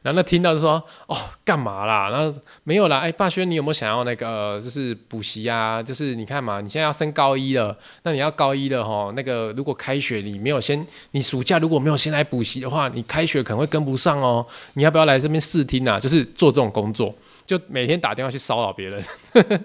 Speaker 1: 然後那聽到就說，哦，幹嘛啦？然後沒有啦。哎，霸軒，你有沒有想要那個、呃，就是補習啊？就是你看嘛，你現在要升高一了，那你要高一了吼。那個如果開學你沒有先，你暑假如果沒有先來補習的話，你開學可能會跟不上哦、喔。你要不要來這邊試聽啊？就是做這種工作。”就每天打電話去騷擾別人，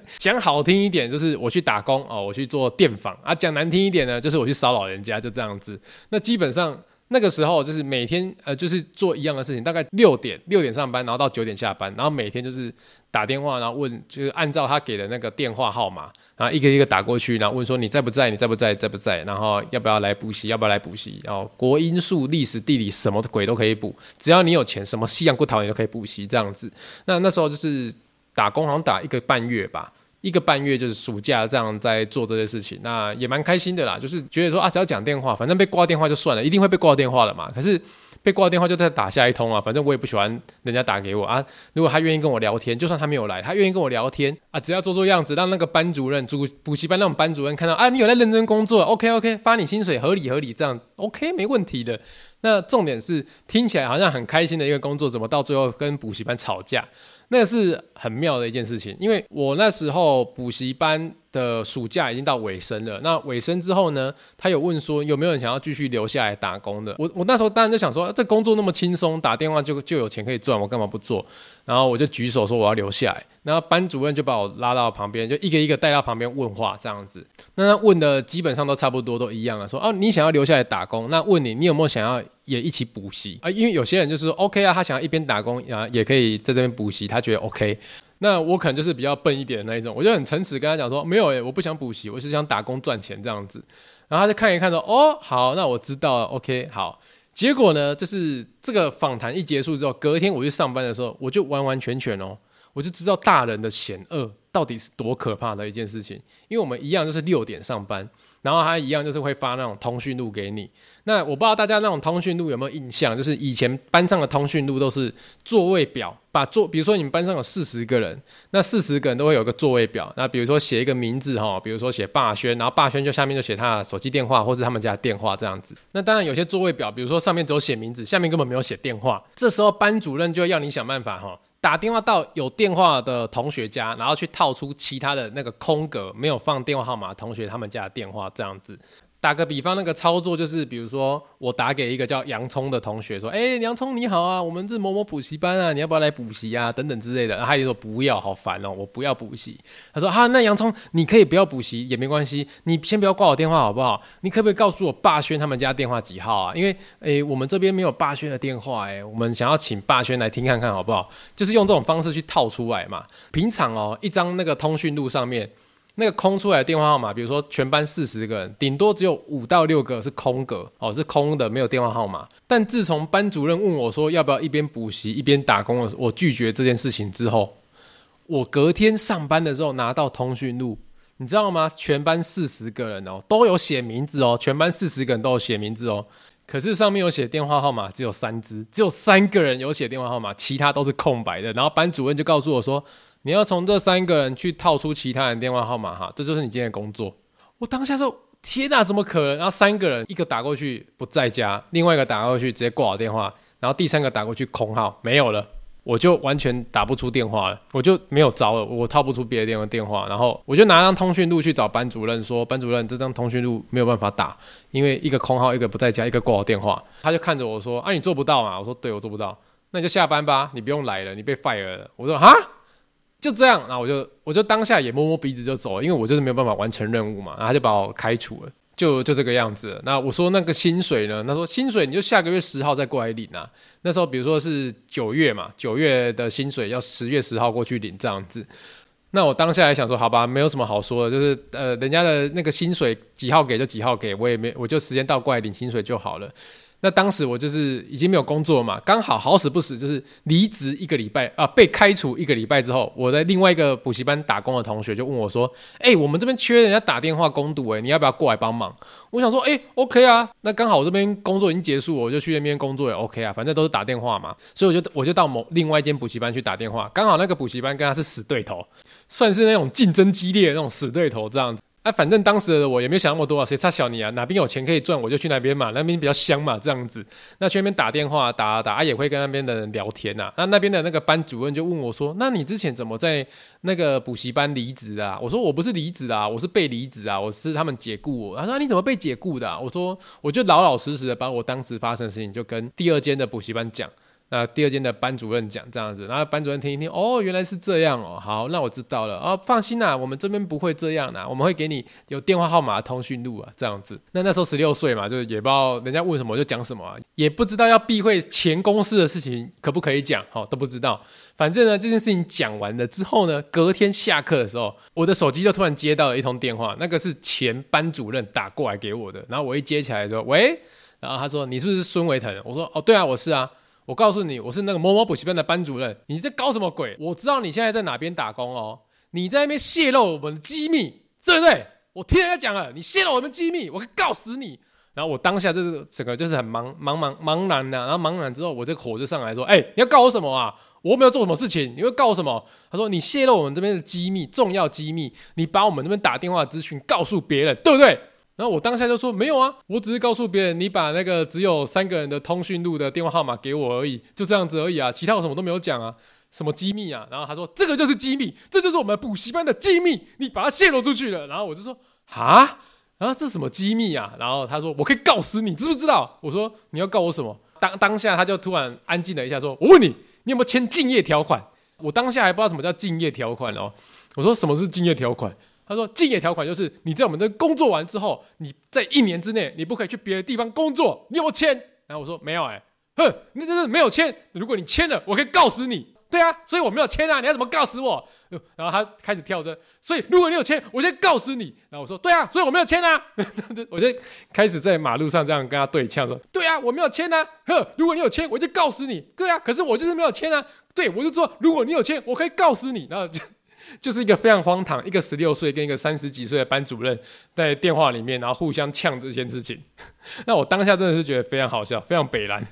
Speaker 1: [laughs] 講好聽一點就是我去打工哦，我去做電訪啊；講難聽一點呢，就是我去騷擾人家，就這樣子。那基本上。那個時候就是每天呃就是做一樣的事情，大概六點六點上班，然後到九點下班，然後每天就是打電話，然後問就是按照他給的那個電話號碼，然後一個一個打過去，然後問說你在不在？你在不在？在不在？然後要不要來補習？要不要來補習？然後國英數、歷史地理什麼鬼都可以補，只要你有錢，什麼西洋古董你都可以補習這樣子。那那時候就是打工，好像打一個半月吧。一個半月就是暑假這樣在做這些事情，那也蠻開心的啦。就是覺得說啊，只要講電話，反正被掛電話就算了，一定會被掛電話的嘛。可是被掛電話就再打下一通啊，反正我也不喜歡人家打給我啊。如果他願意跟我聊天，就算他沒有來，他願意跟我聊天啊，只要做做樣子，讓那個班主任、主補習班讓班主任看到啊，你有在認真工作，OK OK，發你薪水合理合理，這樣 OK 沒問題的。那重點是聽起來好像很開心的一個工作，怎麼到最後跟補習班吵架？那是很妙的一件事情，因為我那時候補習班的暑假已經到尾聲了。那尾聲之後呢，他有問說有沒有人想要繼續留下來打工的？我我那時候當然就想說，啊，這工作那麼輕鬆，打電話就就有錢可以賺，我幹嘛不做？然後我就舉手說我要留下來，然後班主任就把我拉到旁邊，就一個一個帶到旁邊問話這樣子。那他問的基本上都差不多，都一樣了，說哦、啊、你想要留下來打工，那問你你有沒有想要也一起補習啊？因為有些人就是說 OK 啊，他想要一邊打工啊也可以在這邊補習，他覺得 OK。那我可能就是比較笨一點的那一種，我就很誠實跟他講說沒有誒、欸，我不想補習，我是想打工賺錢這樣子。然後他就看一看說哦好，那我知道了。OK 好。結果呢，就是這個訪談一結束之後，隔一天我去上班的時候，我就完完全全哦，我就知道大人的險惡到底是多可怕的一件事情。因為我們一樣就是六點上班，然後他一樣就是會發那種通訊錄給你。那我不知道大家那種通訊錄有沒有印象，就是以前班上的通訊錄都是座位表。把座，比如說你們班上有四十個人，那四十個人都會有個座位表。那比如說寫一個名字哈，比如說寫霸軒，然後霸軒就下面就寫他的手機電話或者他們家電話這樣子。那當然有些座位表，比如說上面只有寫名字，下面根本沒有寫電話。這時候班主任就要你想辦法哈，打電話到有電話的同學家，然後去套出其他的那個空格沒有放電話號碼的同學他們家的電話這樣子。打個比方，那個操作就是，比如說我打給一個叫洋蔥的同學說：“哎、欸，洋蔥你好啊，我們是某某補習班啊，你要不要來補習啊？等等之類的。”然後他就說：“不要，好煩哦、喔，我不要補習。”他說：“哈、啊，那洋蔥你可以不要補習也沒關係，你先不要掛我電話好不好？你可不可以告訴我霸軒他們家電話幾號啊？因為誒、欸，我們這邊沒有霸軒的電話誒、欸，我們想要請霸軒來聽看看好不好？就是用這種方式去套出來嘛。平常哦、喔，一張那個通訊錄上面。”那個空出來的電話號碼，比如說全班四十個人，頂多只有五到六個是空格哦，是空的，沒有電話號碼。但自從班主任問我說要不要一邊補習一邊打工的時候，我拒絕這件事情之後，我隔天上班的時候拿到通訊錄，你知道嗎？全班四十個人哦，都有寫名字哦，全班四十個人都有寫名字哦。可是上面有寫電話號碼，只有三支，只有三個人有寫電話號碼，其他都是空白的。然後班主任就告訴我說，你要從這三個人去套出其他人電話號碼哈，這就是你今天的工作。我當下說：天哪，怎麼可能？然後三個人，一個打過去不在家，另外一個打過去直接掛我電話，然後第三個打過去空號沒有了，我就完全打不出電話了，我就沒有招了，我套不出別的電話電話。然後我就拿張通訊錄去找班主任說：“班主任，這張通訊錄沒有辦法打，因為一個空號，一個不在家，一個掛我電話。”他就看着我說：“啊，你做不到啊？”我說：“對，我做不到。”那你就下班吧，你不用來了，你被 fire 了。”我說：“啊？”就這樣，然後我就我就當下也摸摸鼻子就走了，因為我就是沒有辦法完成任務嘛，然後他就把我開除了，就就這個樣子了。那我說那個薪水呢？他說薪水你就下個月十號再過來領啊。那時候比如說是九月嘛，九月的薪水要十月十號過去領這樣子。那我當下也想說，好吧，沒有什麼好說的，就是呃，人家的那個薪水幾號給就幾號給，我也沒，我就時間到過來領薪水就好了。那當時我就是已經沒有工作嘛，剛好好死不死就是離職一個禮拜啊，被開除一個禮拜之後，我在另外一個補習班打工的同學就問我說：“哎、欸，我們這邊缺人，要打電話工讀，哎，你要不要過來幫忙？”我想說：“哎、欸、，OK 啊，那剛好我這邊工作已經結束了，我就去那邊工作也 OK 啊，反正都是打電話嘛。”所以我就我就到某另外一間補習班去打電話，剛好那個補習班跟他是死對頭，算是那種競爭激烈的那種死對頭這樣子。哎、啊，反正當時的我也沒有想那麼多，誰插小你啊？哪邊有錢可以賺，我就去哪邊嘛，那邊比較香嘛，這樣子。那去那邊打電話，打啊打啊也會跟那邊的人聊天吶、啊啊。那那邊的那個班主任就問我說：“那你之前怎麼在那個補習班離職啊？”我說：“我不是離職啊，我是被離職啊，我是他們解雇我。”他說：“你怎麼被解雇的、啊？”我說：“我就老老實實的把我當時發生的事情就跟第二間的補習班講。”那第二間的班主任講這樣子，然後班主任聽一聽，哦，原來是這樣哦，好，那我知道了哦，放心啦，我們這邊不會這樣啦、啊。我們會給你有電話號碼通訊錄啊，這樣子。那那時候十六歲嘛，就也不知道人家問什麼我就講什麼啊，也不知道要避諱前公司的事情可不可以講，好，都不知道。反正呢，這件事情講完了之後呢，隔天下課的時候，我的手機就突然接到了一通電話，那個是前班主任打過來給我的，然後我一接起來說喂，然後他說，你是不是孫維騰？我說哦，對啊，我是啊。我告訴你，我是那個某某補習班的班主任，你在搞什麼鬼？我知道你現在在哪邊打工哦、喔，你在那邊洩露我們的機密，對不對？我聽人家講了，你洩露我們機密，我可以告死你！然後我當下就是整個就是很茫茫茫茫然的、啊，然後茫然之後，我這個火就上來說，哎、欸，你要告我什麼啊？我又沒有做什麼事情，你會告我什麼？他說你洩露我們這邊的機密，重要機密，你把我們這邊打電話諮詢告訴別人，對不對？然後我當下就說，沒有啊，我只是告訴別人你把那個只有三個人的通訊錄的電話號碼給我而已，就這樣子而已啊，其他我什麼都沒有講啊，什麼機密啊。然後他說這個就是機密，這就是我們補習班的機密，你把它洩露出去了。然後我就說啊，然後這什麼機密啊？然後他說我可以告死你，知不知道？我說你要告我什麼？當當下他就突然安靜了一下說，說我問你，你有沒有簽競業條款？我當下還不知道什麼叫競業條款哦，我說什麼是競業條款？他說：“競業條款就是你在我們這工作完之後，你在一年之內你不可以去別的地方工作，你有沒有簽？”然後我說：“沒有、欸，哎，哼，那就是沒有簽。如果你簽了，我可以告死你。”對啊，所以我沒有簽啊。你要怎麼告死我？然後他開始跳針。所以如果你有簽，我就告死你。然後我說：“對啊，所以我沒有簽啊。 [laughs] ”我就開始在馬路上這樣跟他對嗆說：“對啊，我沒有簽啊。哼，如果你有簽，我就告死你。對啊，可是我就是沒有簽啊。對，我就說如果你有簽，我可以告死你。”然後就。就是一個非常荒唐，一個十六歲跟一個三十幾歲的班主任在電話裡面，然後互相嗆這件事情， [laughs] 那我當下真的是覺得非常好笑，非常白爛。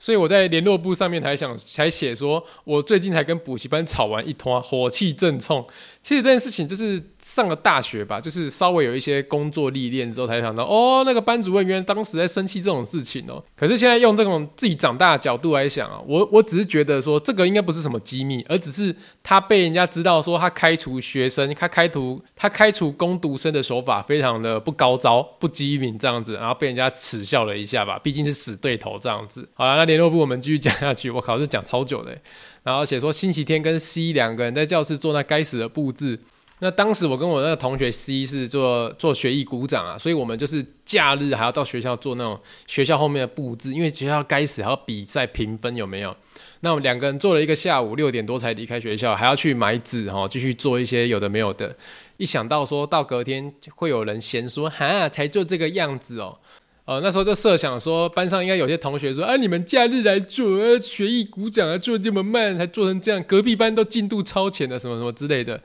Speaker 1: 所以我在聯絡簿上面才想才寫說，我最近才跟補習班吵完一通，火氣正衝。其實這件事情就是上了大學吧，就是稍微有一些工作歷練之後，才想到哦，那個班主任原來當時在生氣這種事情哦、喔。可是現在用這種自己長大的角度來想啊、喔，我我只是覺得說這個應該不是什麼機密，而只是他被人家知道說他開除學生，他開除他開除工讀生的手法非常的不高招、不機敏這樣子，然後被人家恥笑了一下吧。畢竟是死對頭這樣子。好了，那。聯絡部，我們繼續講下去。我靠，這講超久的、欸。然後寫說星期天跟 C 兩個人在教室做那該死的布置。那當時我跟我那個同學 C 是做做學藝股長啊，所以我們就是假日還要到學校做那種學校後面的布置，因為學校該死還要比賽評分有沒有？那我們兩個人做了一個下午，六點多才離開學校，還要去買紙哈，繼續做一些有的沒有的。一想到說到隔天會有人嫌說哈，才做這個樣子哦、喔。哦、那時候就設想說，班上應該有些同學說，哎、啊，你們假日來做，學藝股長啊，做這麼慢才做成這樣，隔壁班都進度超前的，什麼什麼之類的。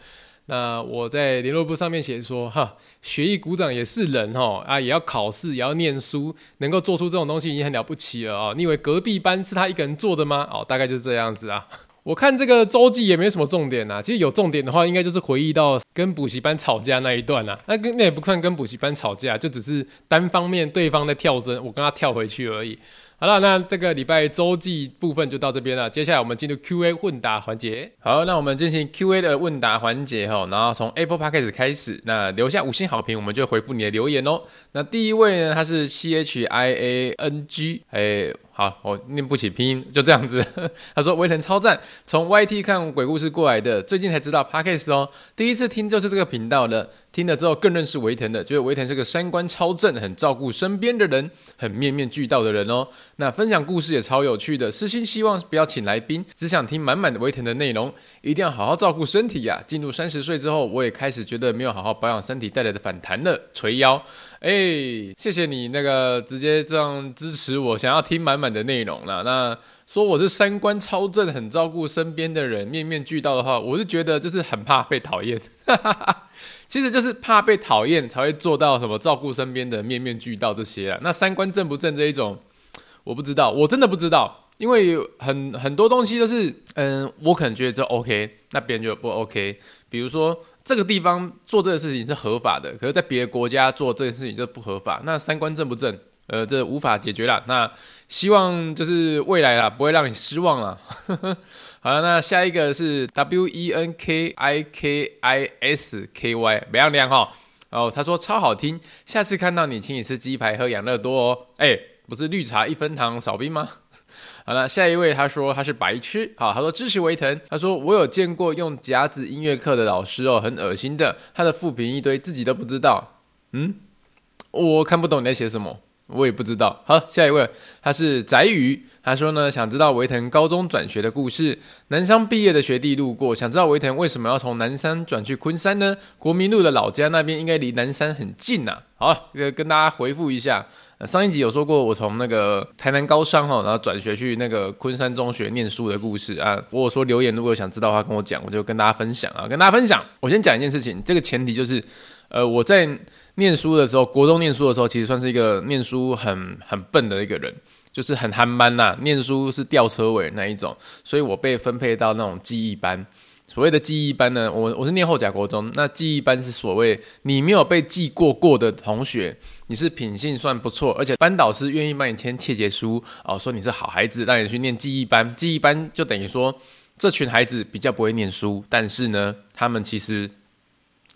Speaker 1: 那我在聯絡簿上面寫說，哈，學藝股長也是人哦，啊，也要考試，也要念書，能夠做出這種東西已經很了不起了哦。你以為隔壁班是他一個人做的嗎？哦，大概就是這樣子啊。我看這個週記也沒什麼重點吶、啊，其實有重點的話，應該就是回憶到跟補習班吵架那一段吶、啊。那跟那也不算跟補習班吵架，就只是單方面對方在跳針，我跟他跳回去而已。好了，那這個禮拜週記部分就到這邊了、啊。接下來我們進入 Q&A 問答環節。好，那我們進行 Q&A 的問答環節哈。然後從 Apple Podcast 開始，那留下五星好評，我們就回覆你的留言哦、喔。那第一位呢，他是 Chiang、欸好，我念不起拼音，就這樣子。 [laughs] 他說維騰超讚，從 YT 看鬼故事過來的，最近才知道 Podcast 哦，第一次聽就是這個頻道了。聽了之後更認識維騰的，覺得維騰是個三觀超正、很照顧身邊的人、很面面俱到的人哦。那分享故事也超有趣的，私心希望不要請來賓，只想聽滿滿的維騰的內容。一定要好好照顧身體呀、啊！進入三十歲之後，我也開始覺得沒有好好保養身體帶來的反彈了，捶腰。哎、欸，謝謝你那個直接這樣支持我，想要聽滿滿的內容啦。那說我是三觀超正，很照顧身邊的人，面面俱到的話，我是覺得就是很怕被討厭。哈哈哈，其實就是怕被討厭才會做到什麼照顧身邊的面面俱到這些啊。那三觀正不正這一種，我不知道，我真的不知道，因為很很多東西都是，嗯，我可能覺得就 OK，那別人就不 OK。比如說。這個地方做這個事情是合法的，可是在別的國家做這個事情就不合法。那三觀正不正？呃，這無法解決了。那希望就是未來啦，不會讓你失望了呵呵。好了，那下一個是 W E N K I K I S K Y，不要涼哈。哦。他說超好聽，下次看到你，請你吃雞排喝養樂多哦。哎，不是綠茶一分糖少冰嗎？好了，下一位，他說他是白痴，好，他說支持維騰，他說我有見過用夾子音樂課的老師哦，很惡心的，他的負評一堆自己都不知道，嗯，我看不懂你在寫什麼，我也不知道。好，下一位，他是宅宇，他說呢，想知道維騰高中轉學的故事，南山畢業的學弟路過，想知道維騰為什麼要從南山轉去昆山呢？國民路的老家那邊應該離南山很近吶、啊。好了，跟大家回復一下。上一集有說過，我從那個台南高商哈，然後轉學去那個昆山中學念書的故事啊。如果說留言如果有想知道的話，跟我講，我就跟大家分享啊，跟大家分享。我先講一件事情，這個前提就是，呃，我在念書的時候，國中念書的時候，其實算是一個念書很很笨的一個人，就是很憨慢吶，念書是吊車尾那一種，所以我被分配到那種記憶班。所謂的記憶班呢，我我是念後甲國中，那記憶班是所謂你沒有被記過過的同學。你是品性算不錯，而且班導師願意幫你簽切結書哦，說你是好孩子，讓你去念記憶班。記憶班就等於說，這群孩子比較不會念書，但是呢，他們其實，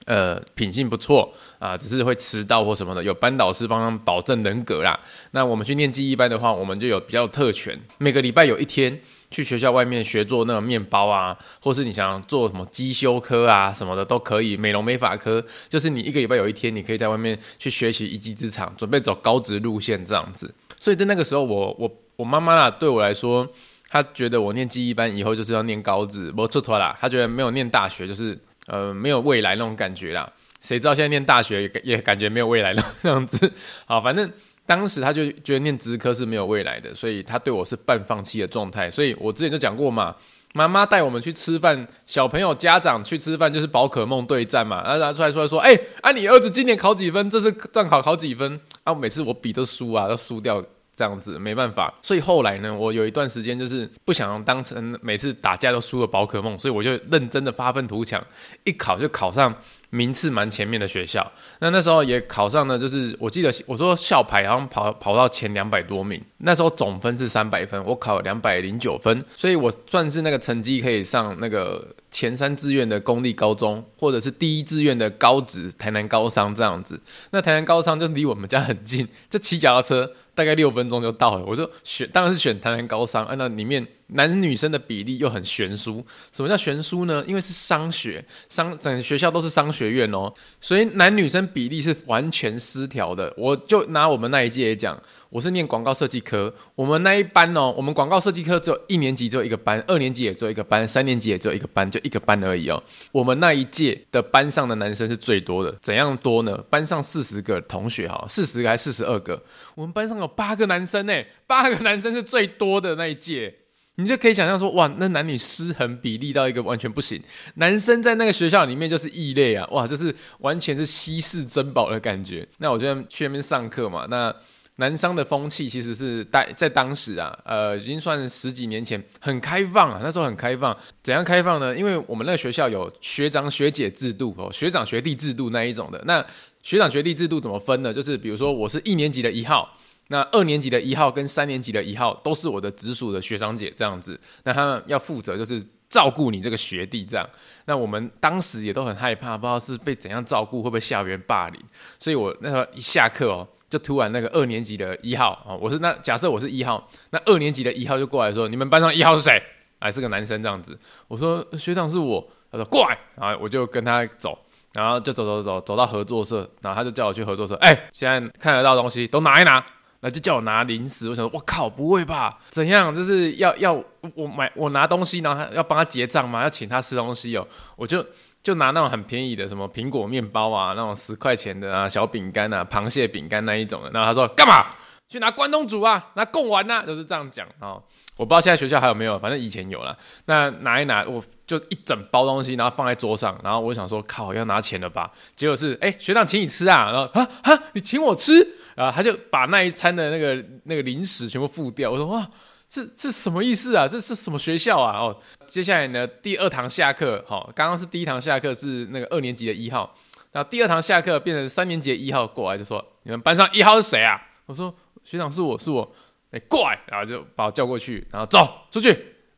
Speaker 1: 呃，品性不錯啊，呃，只是會遲到或什麼的，有班導師幫他們保證人格啦。那我們去念記憶班的話，我們就有比較有特權，每個禮拜有一天。去學校外面學做那種麵包啊，或是你想做什麼機修科啊什麼的都可以。美容美髮科就是你一個禮拜有一天，你可以在外面去學習一技之長，準備走高職路線這樣子。所以在那個時候我，我我我媽媽啦，對我來說，她覺得我念技藝班以後就是要念高職，不蹉跎啦。她覺得沒有念大學就是呃沒有未來那種感覺啦。誰知道現在念大學也也感覺沒有未來那這樣子。好，反正。當時他就覺得念職科是沒有未來的，所以他對我是半放棄的狀態。所以我之前就講過嘛，媽媽帶我們去吃飯，小朋友家長去吃飯就是寶可夢對戰嘛，然後拿出來出來說，哎、欸，啊你兒子今年考幾分？這次段考考幾分？啊每次我比都輸啊，都輸掉。這樣子沒辦法，所以後來呢，我有一段時間就是不想當成每次打架都輸的寶可夢，所以我就認真的發奮圖強，一考就考上名次蠻前面的學校。那那時候也考上了，就是我記得我說校排好像跑跑到前兩百多名。那時候總分是三百分，我考了兩百零九分，所以我算是那個成績可以上那個前三志願的公立高中，或者是第一志願的高職台南高商這樣子。那台南高商就離我們家很近，就騎腳踏車。大概六分鐘就到了，我就選，當然是選台南高商。按照裡面男女生的比例又很懸殊，什麼叫懸殊呢？因為是商學，商整個學校都是商學院哦、喔，所以男女生比例是完全失調的。我就拿我們那一屆也講。我是念廣告設計科，我們那一班哦，我們廣告設計科只有一年級只有一個班，二年級也只有一個班，三年級也只有一個班，就一個班而已哦。我們那一屆的班上的男生是最多的，怎樣多呢？班上四十個同學哈，四十個還四十二個，我們班上有八個男生欸，八個男生是最多的那一屆，你就可以想象說，哇，那男女失衡比例到一個完全不行，男生在那個學校裡面就是異類啊，哇，這是完全是稀世珍寶的感覺。那我今天去那邊上課嘛，那。南商的風氣其實是在當時啊，呃，已經算十幾年前很開放啊，那時候很開放。怎樣開放呢？因為我們那個學校有學長學姐制度哦、喔，學長學弟制度那一種的。那學長學弟制度怎麼分呢？就是比如說我是一年級的一號，那二年級的一號跟三年級的一號都是我的直屬的學長姐這樣子，那他們要負責就是照顧你這個學弟這樣。那我們當時也都很害怕，不知道是，是被怎樣照顧，會不會校園霸凌？所以我那時候一下課哦、喔。就突然那個二年級的一號啊，我是那假設我是一號，那二年級的一號就過來說，你們班上一號是誰？還、啊、是個男生這樣子。我說學長是我。他說過來，然後我就跟他走，然後就走走走走到合作社，然後他就叫我去合作社。哎、欸，現在看得到的東西都拿一拿，那就叫我拿零食。我想說，我靠，不會吧？怎樣？就是要要我買我拿東西，然後他要幫他結賬嘛，要請他吃東西哦、喔，我就。就拿那種很便宜的，什麼蘋果麵包啊，那種十塊錢的啊，小餅乾啊，螃蟹餅乾那一種的。然後他說幹嘛？去拿關東煮啊，拿貢丸啊！就是這樣講。然後我不知道現在學校還有沒有，反正以前有了。那拿一拿，我就一整包東西，然後放在桌上。然後我想說靠，要拿錢了吧？結果是哎、欸，學長請你吃啊。然後啊啊，你請我吃？然後他就把那一餐的那個那個零食全部付掉。我說哇。這這什麼意思啊？這是什麼學校啊？哦，接下來呢，第二堂下課，好、哦，剛剛是第一堂下課是那個二年級的一號，那第二堂下課變成三年級的一號過來就說，你們班上一號是誰啊？我說學長，是我是我。哎過來，然後就把我叫過去，然後走出去，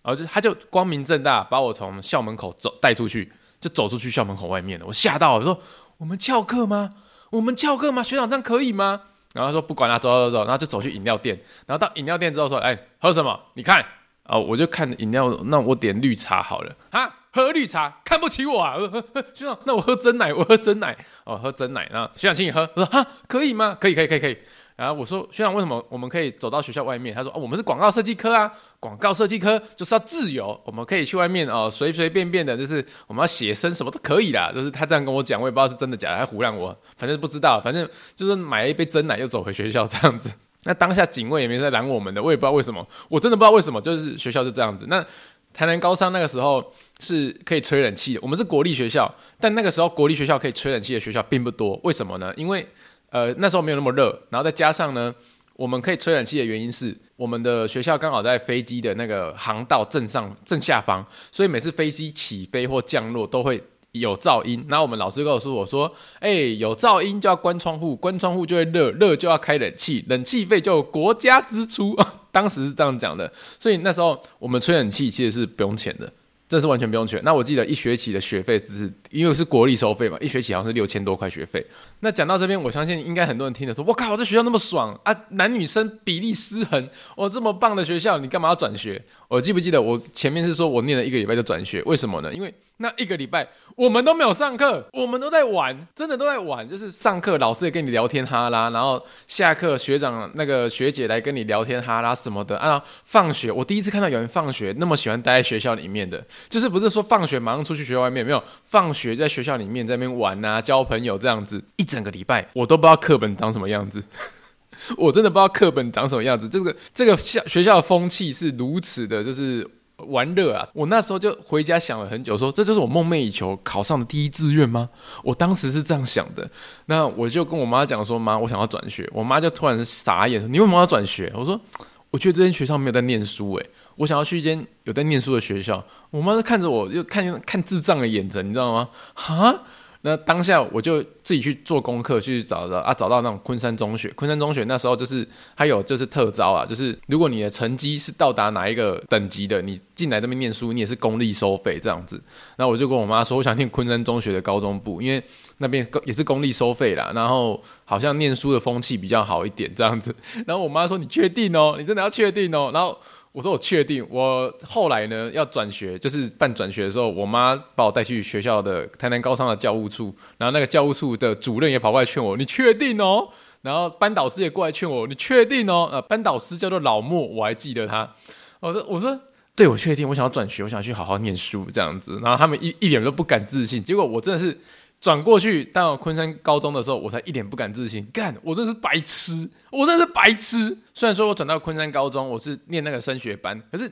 Speaker 1: 然後就他就光明正大把我從校門口走帶出去，就走出去校門口外面了，我嚇到了我說，我們翹課嗎？我們翹課嗎？學長，這樣可以嗎？然後說不管他、啊、走走走走，然後就走去飲料店。然後到飲料店之後說：“哎，喝什麼？你看啊、哦，我就看飲料，那我點綠茶好了哈。喝綠茶，看不起我啊！呵呵學長。那我喝珍奶，我喝珍奶哦，喝珍奶啊！學長，請你喝。我說哈，可以嗎？可以，可以，可以，可以。然後我說，學長，為什麼我們可以走到學校外面？他說，哦，我們是廣告設計科啊，廣告設計科就是要自由，我們可以去外面哦，隨隨便便的，就是我們要寫生，什麼都可以啦。就是他這樣跟我講，我也不知道是真的假的。他唬爛我，反正不知道，反正就是買了一杯珍奶，又走回學校這樣子。那當下警衛也沒在攔我們的，我也不知道為什麼，我真的不知道為什麼，就是學校是這樣子。那。台南高三那個時候是可以吹冷氣的，我們是國立學校，但那個時候國立學校可以吹冷氣的學校並不多，為什麼呢？因為，呃，那時候沒有那麼熱，然後再加上呢，我們可以吹冷氣的原因是，我們的學校剛好在飛機的那個航道正上正下方，所以每次飛機起飛或降落都會。有噪音，然後我們老師告訴我說：“誒、欸，有噪音就要關窗戶，關窗戶就會熱，熱就要開冷氣，冷氣費就有國家支出。 [laughs] ”當時是這樣講的，所以那時候我們吹冷氣其實是不用錢的，這是完全不用錢。那我記得一學期的學費只是因為是國立收費嘛，一學期好像是六千多塊學費。那講到這邊，我相信應該很多人聽了說：“我靠，這學校那麼爽啊，男女生比例失衡，我、哦、這麼棒的學校，你幹嘛要轉學？”我記不記得我前面是說我念了一個禮拜就轉學，為什麼呢？因為。那一個禮拜，我們都沒有上課，我們都在玩，真的都在玩。就是上課老師也跟你聊天哈啦，然後下課學長那個學姐來跟你聊天哈啦什麼的。啊，放學我第一次看到有人放學那麼喜歡待在學校裡面的，就是不是說放學馬上出去學校外面，沒有放學在學校裡面在那邊玩啊，交朋友這樣子。一整個禮拜我都不知道課本長什麼樣子， [laughs] 我真的不知道課本長什麼樣子。這個這個校學校的風氣是如此的，就是。玩樂啊！我那時候就回家想了很久，說這就是我夢寐以求考上的第一志願嗎？我當時是這樣想的。那我就跟我媽講說：“媽，我想要轉學。”我媽就突然傻眼，說：“你為什麼要轉學？”我說：“我覺得這間學校沒有在念書，誒。我想要去一間有在念書的學校。”我媽就看着我看，就看看智障的眼神，你知道嗎？哈！那當下我就自己去做功課，去找找啊，找到那種昆山中學。昆山中學那時候就是還有就是特招啊，就是如果你的成績是到達哪一個等級的，你進來這邊念書，你也是公立收費這樣子。然後我就跟我媽說，我想念昆山中學的高中部，因為那邊也是公立收費啦。然後好像念書的風氣比較好一點這樣子。然後我媽說：“你確定哦？你真的要確定哦？”然後。我說我確定，我後來呢要轉學，就是辦轉學的時候，我媽把我帶去學校的台南高商的教務處，然後那個教務處的主任也跑過來勸我，你確定哦？然後班導師也過來勸我，你確定哦？呃，班導師叫做老莫，我還記得他。我說我說，對，我確定，我想要轉學，我想要去好好念書這樣子。然後他們一一點都不敢自信，結果我真的是。轉過去到昆山高中的時候，我才一點不敢自信。幹，我真是白痴，我真是白痴。雖然說我轉到昆山高中，我是念那個升學班，可是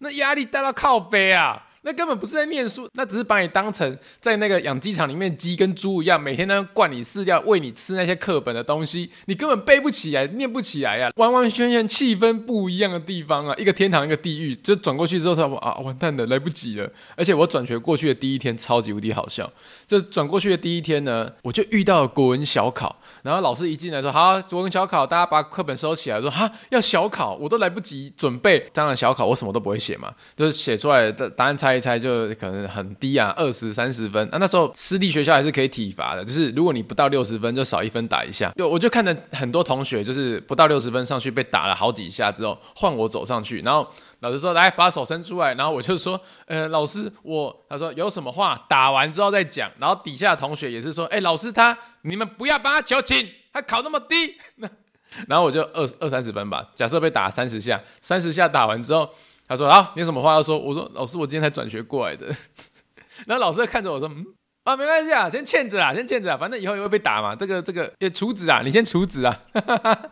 Speaker 1: 那壓力大到靠北啊。那根本不是在念書，那只是把你當成在那個養雞場裡面，雞跟豬一樣，每天呢灌你飼料，餵你吃那些課本的東西，你根本背不起來，念不起來啊，完完全全氣氛不一樣的地方啊，一個天堂，一個地獄。就轉過去之後，他啊，完蛋了，來不及了。而且我轉學過去的第一天，超級無敵好笑。就轉過去的第一天呢，我就遇到了國文小考，然後老師一進來說：“好，國文小考，大家把課本收起來。”說：“哈，要小考，我都來不及準備。當然，小考我什麼都不會寫嘛，就是寫出來的答案才。”猜一猜就可能很低啊，二十三十分，那那時候私立學校還是可以體罰的，就是如果你不到六十分，就少一分打一下。就我就看着很多同學，就是不到六十分上去被打了好幾下之後，換我走上去，然後老師說：“來，把手伸出來。”然後我就說：“呃、欸，老師，我……”他說：“有什麼話打完之後再講。”然後底下的同學也是說：“哎、欸，老師他，你們不要幫他求情，他考那麼低。 [laughs] ”然後我就二二三十分吧，假設被打三十下，三十下打完之後。他說：“啊，你有什麼話要說？”我說：“老師，我今天才轉學過來的。 [laughs] ”然後老師看着我說：“嗯，啊，沒關係啊，先欠着啊，先欠着啊，反正以後也會被打嘛。這個，這個，也處子啊，你先處子啊。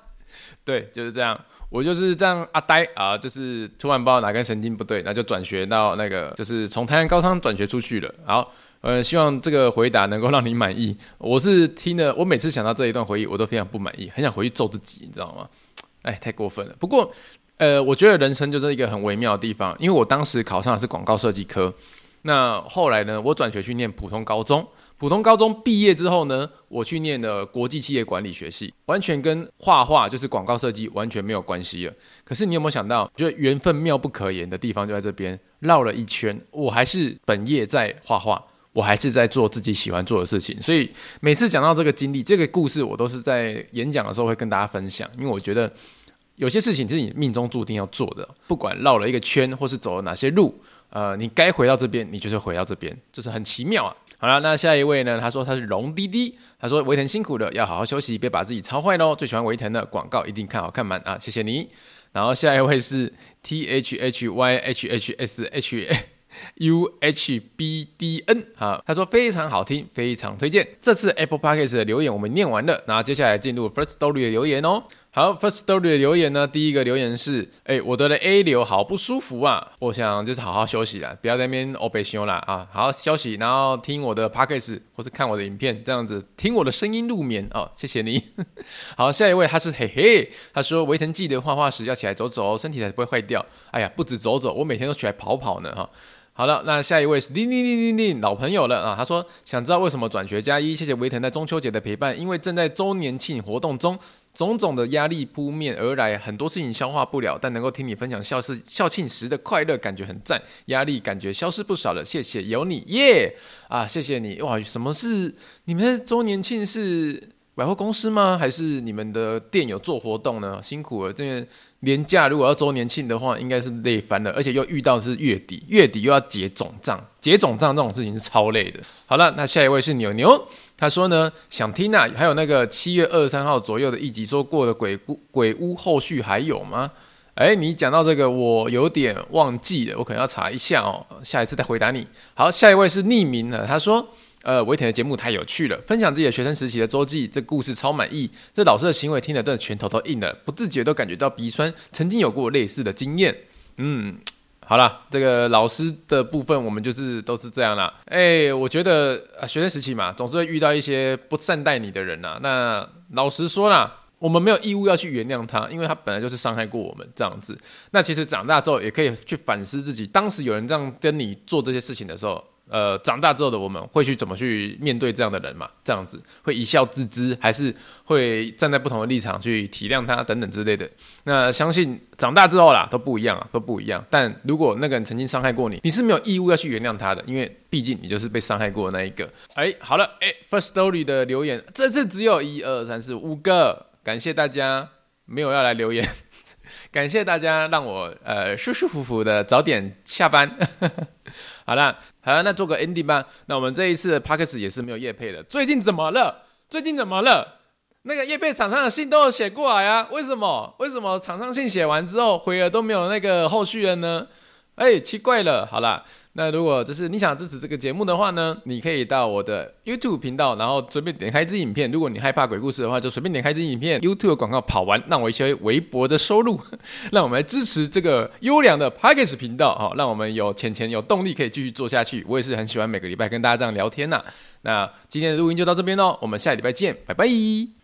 Speaker 1: [laughs] ”對，就是這樣，我就是這樣，阿呆啊、呃，就是突然不知道哪根神經不對，然後就轉學到那個，就是從台南高商轉學出去了。好，呃、嗯，希望這個回答能夠讓你滿意。我是聽了，我每次想到這一段回憶，我都非常不滿意，很想回去揍自己，你知道嗎？哎，太過分了。不過。呃，我覺得人生就是一個很微妙的地方，因為我當時考上的是廣告設計科，那後來呢，我轉學去念普通高中，普通高中畢業之後呢，我去念了國際企業管理學系，完全跟畫畫就是廣告設計完全沒有關係了。可是你有沒有想到，我覺得緣分妙不可言的地方就在這邊，繞了一圈，我還是本業在畫畫，我還是在做自己喜歡做的事情。所以每次講到這個經歷，這個故事，我都是在演講的時候會跟大家分享，因為我覺得。有些事情是你命中注定要做的，不管繞了一個圈或是走了哪些路，呃，你該回到這邊，你就是回到這邊，就是很奇妙啊。好了，那下一位呢？他說他是龍滴滴，他說維騰辛苦了，要好好休息，別把自己操壞咯。最喜歡維騰的廣告，一定看好看滿啊，謝謝你。然後下一位是 t h h y h h s h u h b d n 啊，他說非常好聽，非常推薦。這次 Apple Podcast 的留言我們念完了，那接下來進入 Firstory 的留言哦。好，Firstory 的留言呢？第一個留言是：哎、欸，我得了 A 流，好不舒服啊！我想就是好好休息啊，不要在那邊歐背修了啊！好好休息，然後聽我的 Podcast，或是看我的影片，這樣子聽我的聲音入眠哦。謝謝你。 [laughs] 好，下一位他是嘿嘿，他說維騰記得畫畫時要起來走走，身體才不會壞掉。哎呀，不止走走，我每天都起來跑跑呢哈、哦。好了，那下一位是叮叮叮叮叮，老朋友了啊！他說想知道為什麼轉學加一，謝謝維騰在中秋節的陪伴，因為正在周年慶活動中。種種的壓力撲面而來，很多事情消化不了，但能夠聽你分享校慶校慶時的快樂，感覺很讚。壓力感覺消失不少了，謝謝有你耶！Yeah! 啊，謝謝你哇！什麼是你們的周年慶？是百貨公司嗎？還是你們的店有做活動呢？辛苦了，這。連假如果要周年慶的話，應該是累翻了。而且又遇到的是月底，月底又要結總賬，結總賬這種事情是超累的。好了，那下一位是牛牛，他說呢，想聽啊，還有那個七月二十三號左右的一集說過的鬼屋，鬼屋後續還有嗎？誒、欸、你講到這個，我有點忘記了，我可能要查一下哦、喔，下一次再回答你。好，下一位是匿名的，他說。呃，維田的節目太有趣了，分享自己的學生時期的週記，這故事超滿意。這老師的行為聽了真的拳頭都硬了，不自覺都感覺到鼻酸。曾經有過類似的經驗，嗯，好了，這個老師的部分我們就是都是這樣啦。誒、欸，我覺得啊，學生時期嘛，總是會遇到一些不善待你的人吶、啊。那老實說啦，我們沒有義務要去原諒他，因為他本來就是傷害過我們這樣子。那其實長大之後也可以去反思自己，當時有人這樣跟你做這些事情的時候。呃，長大之後的我們會去怎麼去面對這樣的人嘛？這樣子會一笑置之，之，還是會站在不同的立場去體諒他等等之類的？那相信長大之後啦，都不一樣啊，都不一樣。但如果那個人曾經傷害過你，你是沒有義務要去原諒他的，因為畢竟你就是被傷害過的那一個。哎、欸，好了，哎、欸、，Firstory 的留言，這次只有一二三四五個，感謝大家沒有要來留言， [laughs] 感謝大家讓我呃舒舒服服的早點下班。 [laughs] 好啦，好，那做個 ending 吧。那我們這一次的 package 也是沒有業配的。最近怎麼了？最近怎麼了？那個業配廠商的信都有寫過來啊，為什麼？為什麼廠商信寫完之後，回來都沒有那個後續了呢？哎、欸，奇怪了，好啦，那如果就是你想支持這個節目的話呢，你可以到我的 YouTube 頻道，然後隨便點開一支影片。如果你害怕鬼故事的話，就隨便點開一支影片。YouTube 廣告跑完，讓我一些微薄的收入，讓我們來支持這個優良的 podcast 頻道，好、哦，讓我們有錢錢有動力可以繼續做下去。我也是很喜歡每個禮拜跟大家這樣聊天吶、啊。那今天的錄音就到這邊嘍，我們下禮拜見，拜拜。